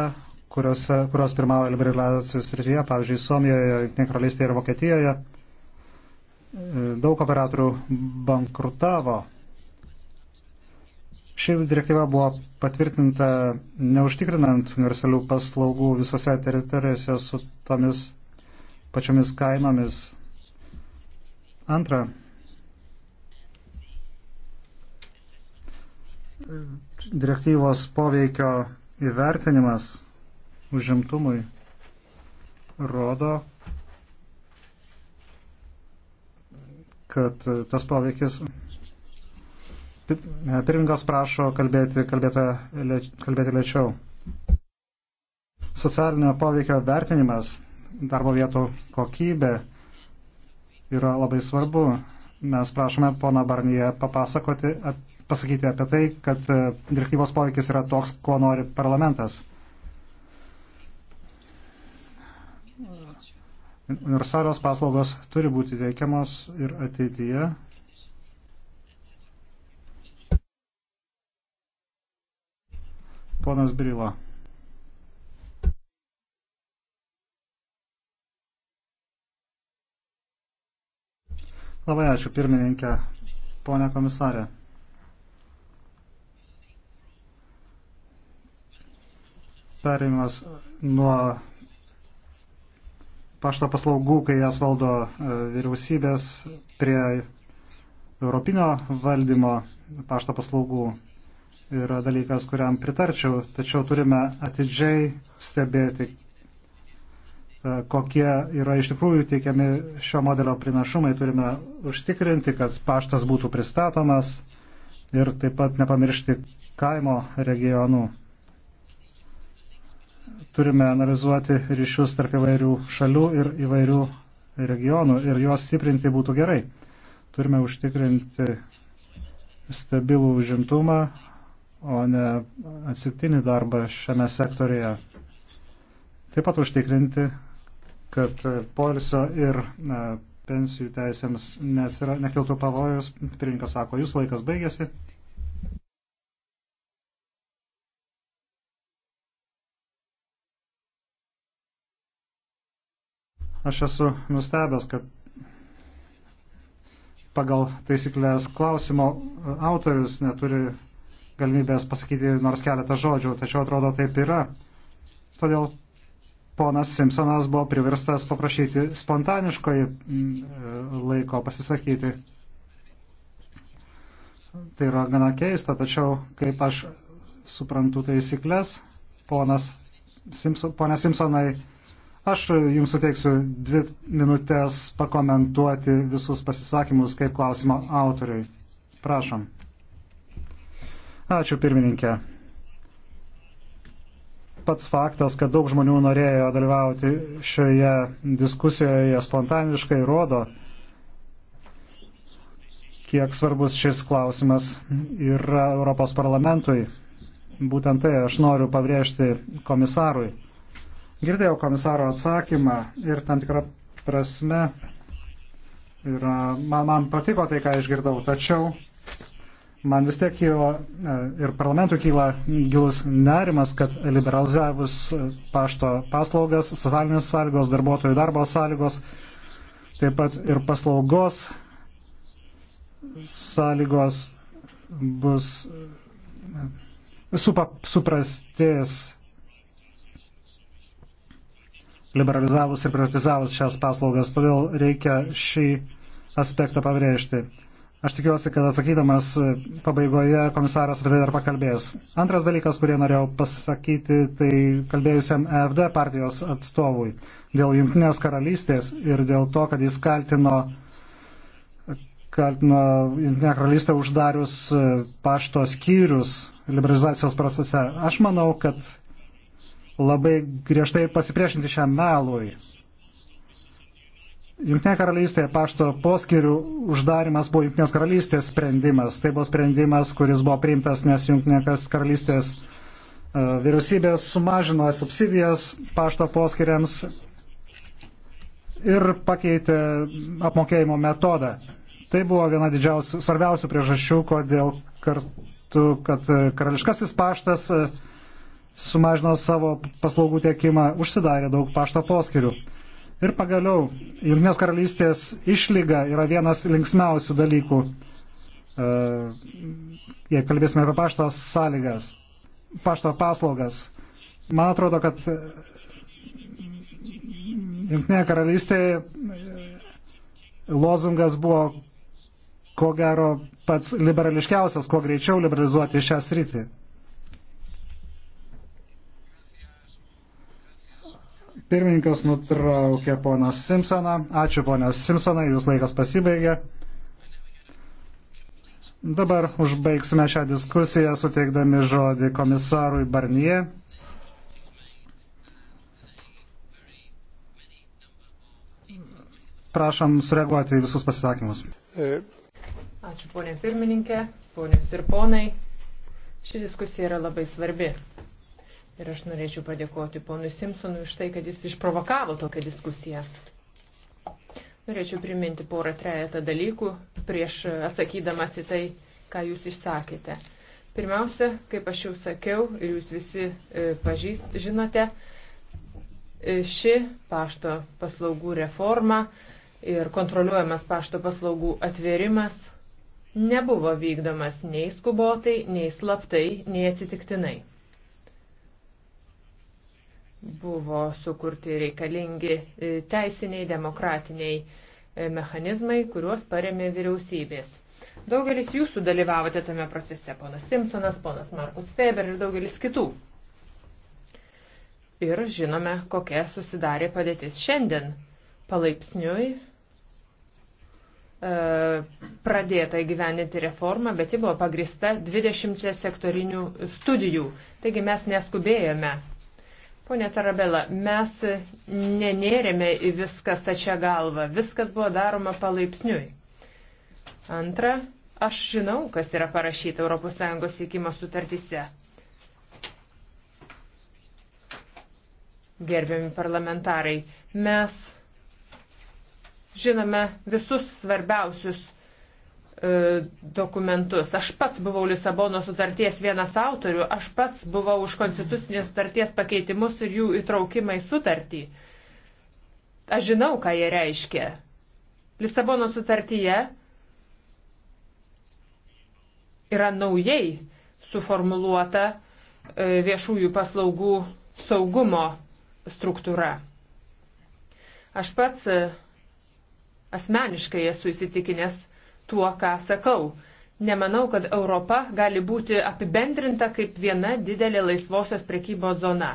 kuriuose, kurios pirmavo liberalizacijos srityje, pavyzdžiui, Suomijoje, Junktinė karalystė ir Vokietijoje, e, daug operatorių bankrutavo. Ši direktyva buvo patvirtinta neužtikrinant universalių paslaugų visose teritorijose su tomis pačiomis kainomis. Antra, direktyvos poveikio įvertinimas užimtumui rodo, kad tas poveikis. Pirmingas prašo kalbėti, kalbėti, kalbėti lėčiau. Socialinio poveikio vertinimas, darbo vietų kokybė yra labai svarbu. Mes prašome pono Barnyje papasakoti apie pasakyti apie tai, kad e, direktyvos poveikis yra toks, ko nori parlamentas. Universalios paslaugos turi būti teikiamos ir ateityje. Ponas Brilo. Labai ačiū pirmininkė, ponia komisarė. perėmimas nuo pašto paslaugų, kai jas valdo e, vyriausybės, prie europinio valdymo pašto paslaugų yra dalykas, kuriam pritarčiau, tačiau turime atidžiai stebėti, e, kokie yra iš tikrųjų teikiami šio modelio prinašumai. Turime užtikrinti, kad paštas būtų pristatomas ir taip pat nepamiršti kaimo regionų turime analizuoti ryšius tarp įvairių šalių ir įvairių regionų ir juos stiprinti būtų gerai. Turime užtikrinti stabilų užimtumą, o ne atsiktinį darbą šiame sektorėje. Taip pat užtikrinti, kad polsio ir na, pensijų teisėms nekiltų pavojus. Pirinkas sako, jūs laikas baigėsi. Aš esu nustebęs, kad pagal taisyklės klausimo e, autorius neturi galimybės pasakyti nors keletą žodžių, tačiau atrodo taip yra. Todėl ponas Simpsonas buvo priverstas paprašyti spontaniškoji e, laiko pasisakyti. Tai yra gana keista, tačiau kaip aš suprantu taisyklės, ponas Simpson, ponė Simpsonai Aš jums suteiksiu dvi minutės pakomentuoti visus pasisakymus kaip klausimo autoriui. Prašom. Ačiū pirmininkė. Pats faktas, kad daug žmonių norėjo dalyvauti šioje diskusijoje spontaniškai rodo, kiek svarbus šis klausimas yra Europos parlamentui. Būtent tai aš noriu pabrėžti komisarui. Girdėjau komisaro atsakymą ir tam tikrą prasme ir man, man patiko tai, ką išgirdau, tačiau man vis tiek kyla e, ir parlamentų kyla gilus nerimas, kad liberalizavus pašto paslaugas, socialinės sąlygos, darbuotojų darbo sąlygos, taip pat ir paslaugos sąlygos bus e, supa, suprastės liberalizavus ir privatizavus šias paslaugas, todėl reikia šį aspektą pabrėžti. Aš tikiuosi, kad atsakydamas pabaigoje komisaras apie tai dar pakalbės. Antras dalykas, kurį norėjau pasakyti, tai kalbėjusiam EFD partijos atstovui dėl Junktinės karalystės ir dėl to, kad jis kaltino, kaltino Junktinę karalystę uždarius pašto skyrius liberalizacijos procese. Aš manau, kad labai griežtai pasipriešinti šiam melui. Junktinė karalystė pašto poskirių uždarimas buvo Junktinės karalystės sprendimas. Tai buvo sprendimas, kuris buvo priimtas, nes Junktinės karalystės e, vyriausybės sumažino subsidijas pašto poskiriams ir pakeitė apmokėjimo metodą. Tai buvo viena didžiausių, svarbiausių priežasčių, kodėl kartu, kad e, karališkasis paštas uh, sumažino savo paslaugų tiekimą, užsidarė daug pašto poskirių. Ir pagaliau, Junktinės karalystės išlyga yra vienas linksmiausių dalykų, e, jei kalbėsime apie pašto sąlygas, pašto paslaugas. Man atrodo, kad Junktinėje karalystėje e, lozungas buvo, ko gero, pats liberališkiausias, kuo greičiau liberalizuoti šią sritį. Pirmininkas nutraukė poną Simpsoną. Ačiū ponas Simpsonai, jūs laikas pasibaigė. Dabar užbaigsime šią diskusiją suteikdami žodį komisarui Barnie. Prašom sureaguoti į visus pasisakymus. Ačiū ponė pirmininkė, ponius ir ponai. Ši diskusija yra labai svarbi. Ir aš norėčiau padėkoti ponui Simpsonui už tai, kad jis išprovokavo tokią diskusiją. Norėčiau priminti porą trejata dalykų prieš atsakydamas į tai, ką jūs išsakėte. Pirmiausia, kaip aš jau sakiau ir jūs visi e, pažįst, žinote, e, ši pašto paslaugų reforma ir kontroliuojamas pašto paslaugų atvėrimas nebuvo vykdomas nei skubotai, nei slaptai, nei atsitiktinai buvo sukurti reikalingi e, teisiniai, demokratiniai e, mechanizmai, kuriuos paremė vyriausybės. Daugelis jūsų dalyvavote tame procese, ponas Simpsonas, ponas Markus Feber ir daugelis kitų. Ir žinome, kokia susidarė padėtis šiandien. Palaipsniui e, pradėta įgyveninti reformą, bet ji buvo pagrista 20 sektorinių studijų. Taigi mes neskubėjome Pone Tarabela, mes nenėrėme į viską stačią galvą, viskas buvo daroma palaipsniui. Antra, aš žinau, kas yra parašyta ES veikimo sutartyse. Gerbiami parlamentarai, mes žinome visus svarbiausius E, dokumentus. Aš pats buvau Lisabono sutarties vienas autorių, aš pats buvau už konstitucinės sutarties pakeitimus ir jų įtraukimą į sutartį. Aš žinau, ką jie reiškia. Lisabono sutartyje yra naujai suformuluota e, viešųjų paslaugų saugumo struktūra. Aš pats e, asmeniškai esu įsitikinęs, tuo, ką sakau. Nemanau, kad Europa gali būti apibendrinta kaip viena didelė laisvosios prekybos zona.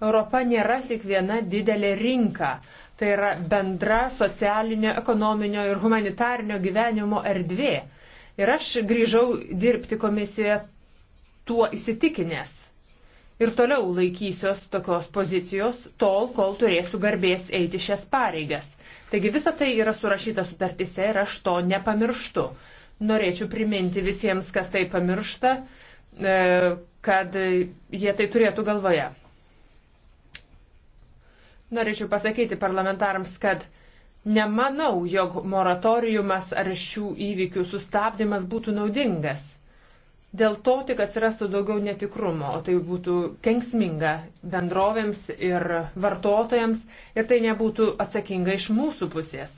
Europa nėra tik viena didelė rinka. Tai yra bendra socialinio, ekonominio ir humanitarnio gyvenimo erdvė. Ir aš grįžau dirbti komisijoje tuo įsitikinęs. Ir toliau laikysiuos tokios pozicijos tol, kol turėsiu garbės eiti šias pareigas. Taigi visa tai yra surašyta sutartise ir aš to nepamirštu. Norėčiau priminti visiems, kas tai pamiršta, e, kad jie tai turėtų galvoje. Norėčiau pasakyti parlamentarams, kad nemanau, jog moratoriumas ar šių įvykių sustabdymas būtų naudingas. Dėl to tik atsirastų daugiau netikrumo, o tai būtų kenksminga bendrovėms ir vartotojams ir tai nebūtų atsakinga iš mūsų pusės.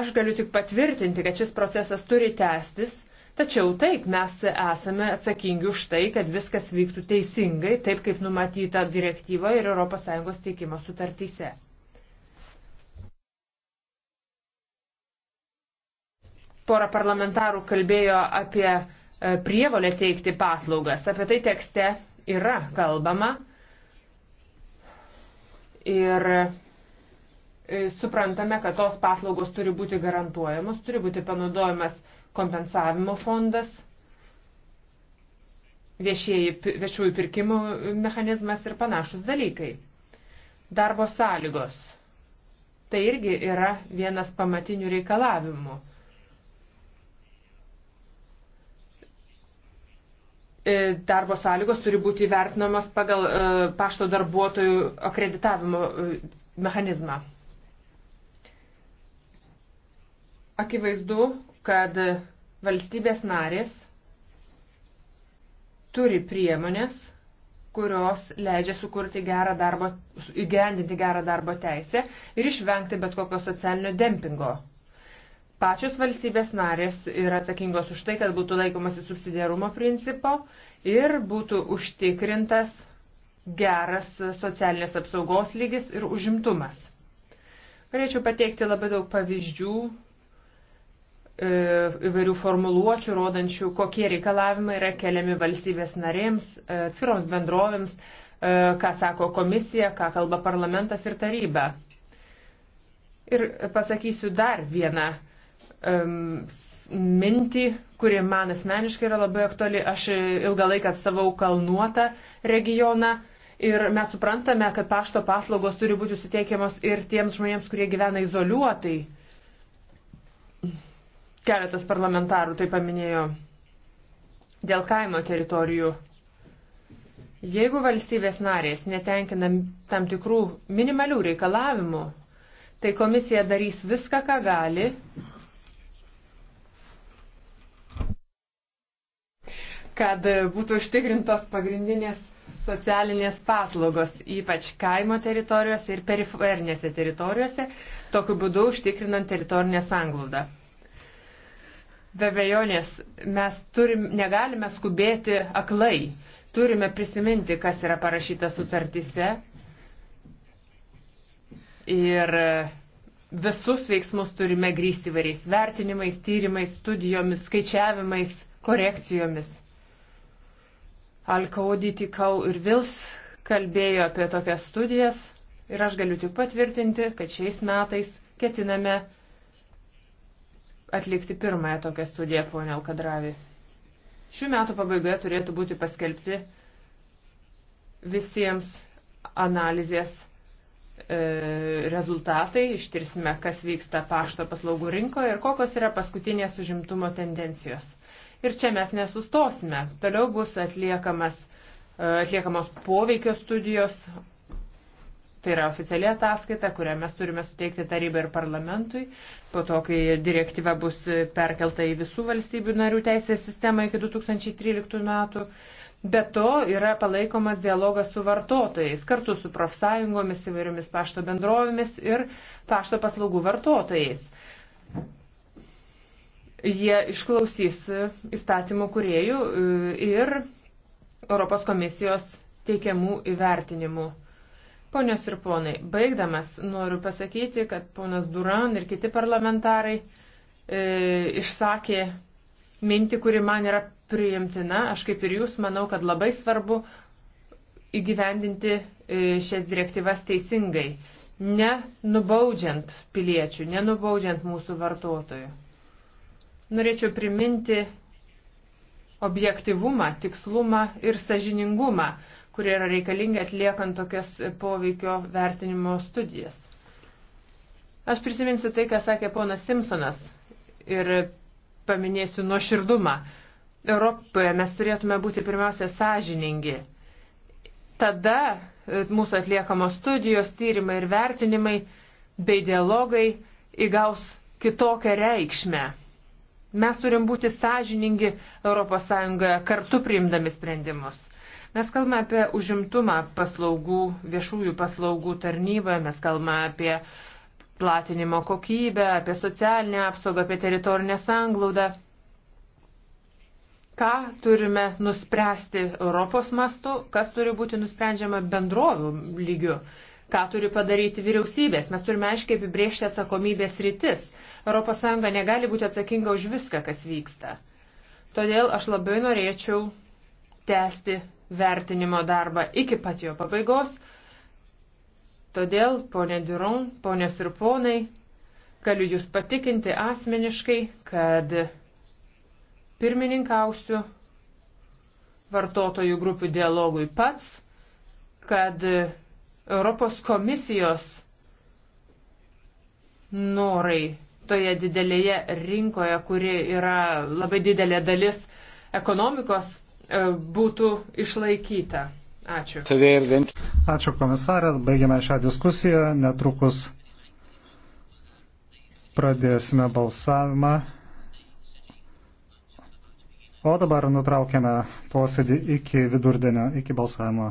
Aš galiu tik patvirtinti, kad šis procesas turi tęstis, tačiau taip mes esame atsakingi už tai, kad viskas vyktų teisingai, taip kaip numatyta direktyva ir ES teikimo sutartyse. Pora parlamentarų kalbėjo apie e, prievalę teikti paslaugas. Apie tai tekste yra kalbama. Ir e, suprantame, kad tos paslaugos turi būti garantuojamos, turi būti panaudojamas kompensavimo fondas, viešieji, viešųjų pirkimų mechanizmas ir panašus dalykai. Darbo sąlygos. Tai irgi yra vienas pamatinių reikalavimų. E, darbo sąlygos turi būti vertinamas pagal e, pašto darbuotojų akreditavimo e, mechanizmą. Akivaizdu, kad valstybės narės turi priemonės, kurios leidžia sukurti gerą darbo, įgyvendinti gerą darbo teisę ir išvengti bet kokio socialinio dempingo Pačios valstybės narės yra atsakingos už tai, kad būtų laikomasi subsidiarumo principo ir būtų užtikrintas geras socialinės apsaugos lygis ir užimtumas. Galėčiau pateikti labai daug pavyzdžių e, įvairių formuluočių, rodančių, kokie reikalavimai yra keliami valstybės narėms, e, atskiroms bendrovėms, e, ką sako komisija, ką kalba parlamentas ir taryba. Ir pasakysiu dar vieną um, mintį, kuri man asmeniškai yra labai aktuali. Aš ilgą laiką atstovau kalnuotą regioną ir mes suprantame, kad pašto paslaugos turi būti suteikiamos ir tiems žmonėms, kurie gyvena izoliuotai. Keletas parlamentarų tai paminėjo dėl kaimo teritorijų. Jeigu valstybės narės netenkina tam tikrų minimalių reikalavimų, tai komisija darys viską, ką gali, kad būtų užtikrintos pagrindinės socialinės paslaugos, ypač kaimo teritorijose ir periferinėse teritorijose, tokiu būdu užtikrinant teritorinę sanglaudą. Be bejonės, mes turim, negalime skubėti aklai, turime prisiminti, kas yra parašyta sutartise ir visus veiksmus turime grįsti įvairiais vertinimais, tyrimais, studijomis, skaičiavimais, korekcijomis. Alkaudį Tikau ir Vils kalbėjo apie tokias studijas ir aš galiu tik patvirtinti, kad šiais metais ketiname atlikti pirmąją tokią studiją, ponė Alkadravi. Šių metų pabaigoje turėtų būti paskelbti visiems analizės e, rezultatai, ištirsime, kas vyksta pašto paslaugų rinkoje ir kokios yra paskutinės užimtumo tendencijos. Ir čia mes nesustosime. Toliau bus atliekamas, e, atliekamos poveikio studijos. Tai yra oficiali ataskaita, kurią mes turime suteikti tarybai ir parlamentui, po to, kai direktyva bus perkelta į visų valstybių narių teisės sistemą iki 2013 metų. Be to yra palaikomas dialogas su vartotojais, kartu su profsąjungomis, įvairiomis pašto bendrovėmis ir pašto paslaugų vartotojais. Jie išklausys įstatymų kuriejų e, ir Europos komisijos teikiamų įvertinimų. Ponios ir ponai, baigdamas noriu pasakyti, kad ponas Duran ir kiti parlamentarai e, išsakė mintį, kuri man yra priimtina. Aš kaip ir jūs manau, kad labai svarbu įgyvendinti e, šias direktyvas teisingai, nenubaudžiant piliečių, nenubaudžiant mūsų vartotojų. Norėčiau priminti objektivumą, tikslumą ir sažiningumą, kurie yra reikalingi atliekant tokias poveikio vertinimo studijas. Aš prisiminsiu tai, ką sakė ponas Simpsonas ir paminėsiu nuoširdumą. Europoje mes turėtume būti pirmiausia sąžiningi. Tada e, mūsų atliekamos studijos, tyrimai ir vertinimai bei dialogai įgaus kitokią reikšmę. Mes turim būti sąžiningi ES kartu priimdami sprendimus. Mes kalbame apie užimtumą paslaugų, viešųjų paslaugų tarnyboje, mes kalbame apie platinimo kokybę, apie socialinę apsaugą, apie teritorinę sanglaudą. Ką turime nuspręsti Europos mastu, kas turi būti nusprendžiama bendrovių lygiu, ką turi padaryti vyriausybės. Mes turime aiškiai apibriežti atsakomybės rytis ES negali būti atsakinga už viską, kas vyksta. Todėl aš labai norėčiau tęsti vertinimo darbą iki pat jo pabaigos. Todėl, ponė Duron, ponės ir ponai, galiu jūs patikinti asmeniškai, kad pirmininkausiu vartotojų grupių dialogui pats, kad Europos komisijos norai toje didelėje rinkoje, kuri yra labai didelė dalis ekonomikos, e, būtų išlaikyta. Ačiū. Ačiū komisarė, baigiame šią diskusiją, netrukus pradėsime balsavimą. O dabar nutraukėme posėdį iki vidurdienio, iki balsavimo.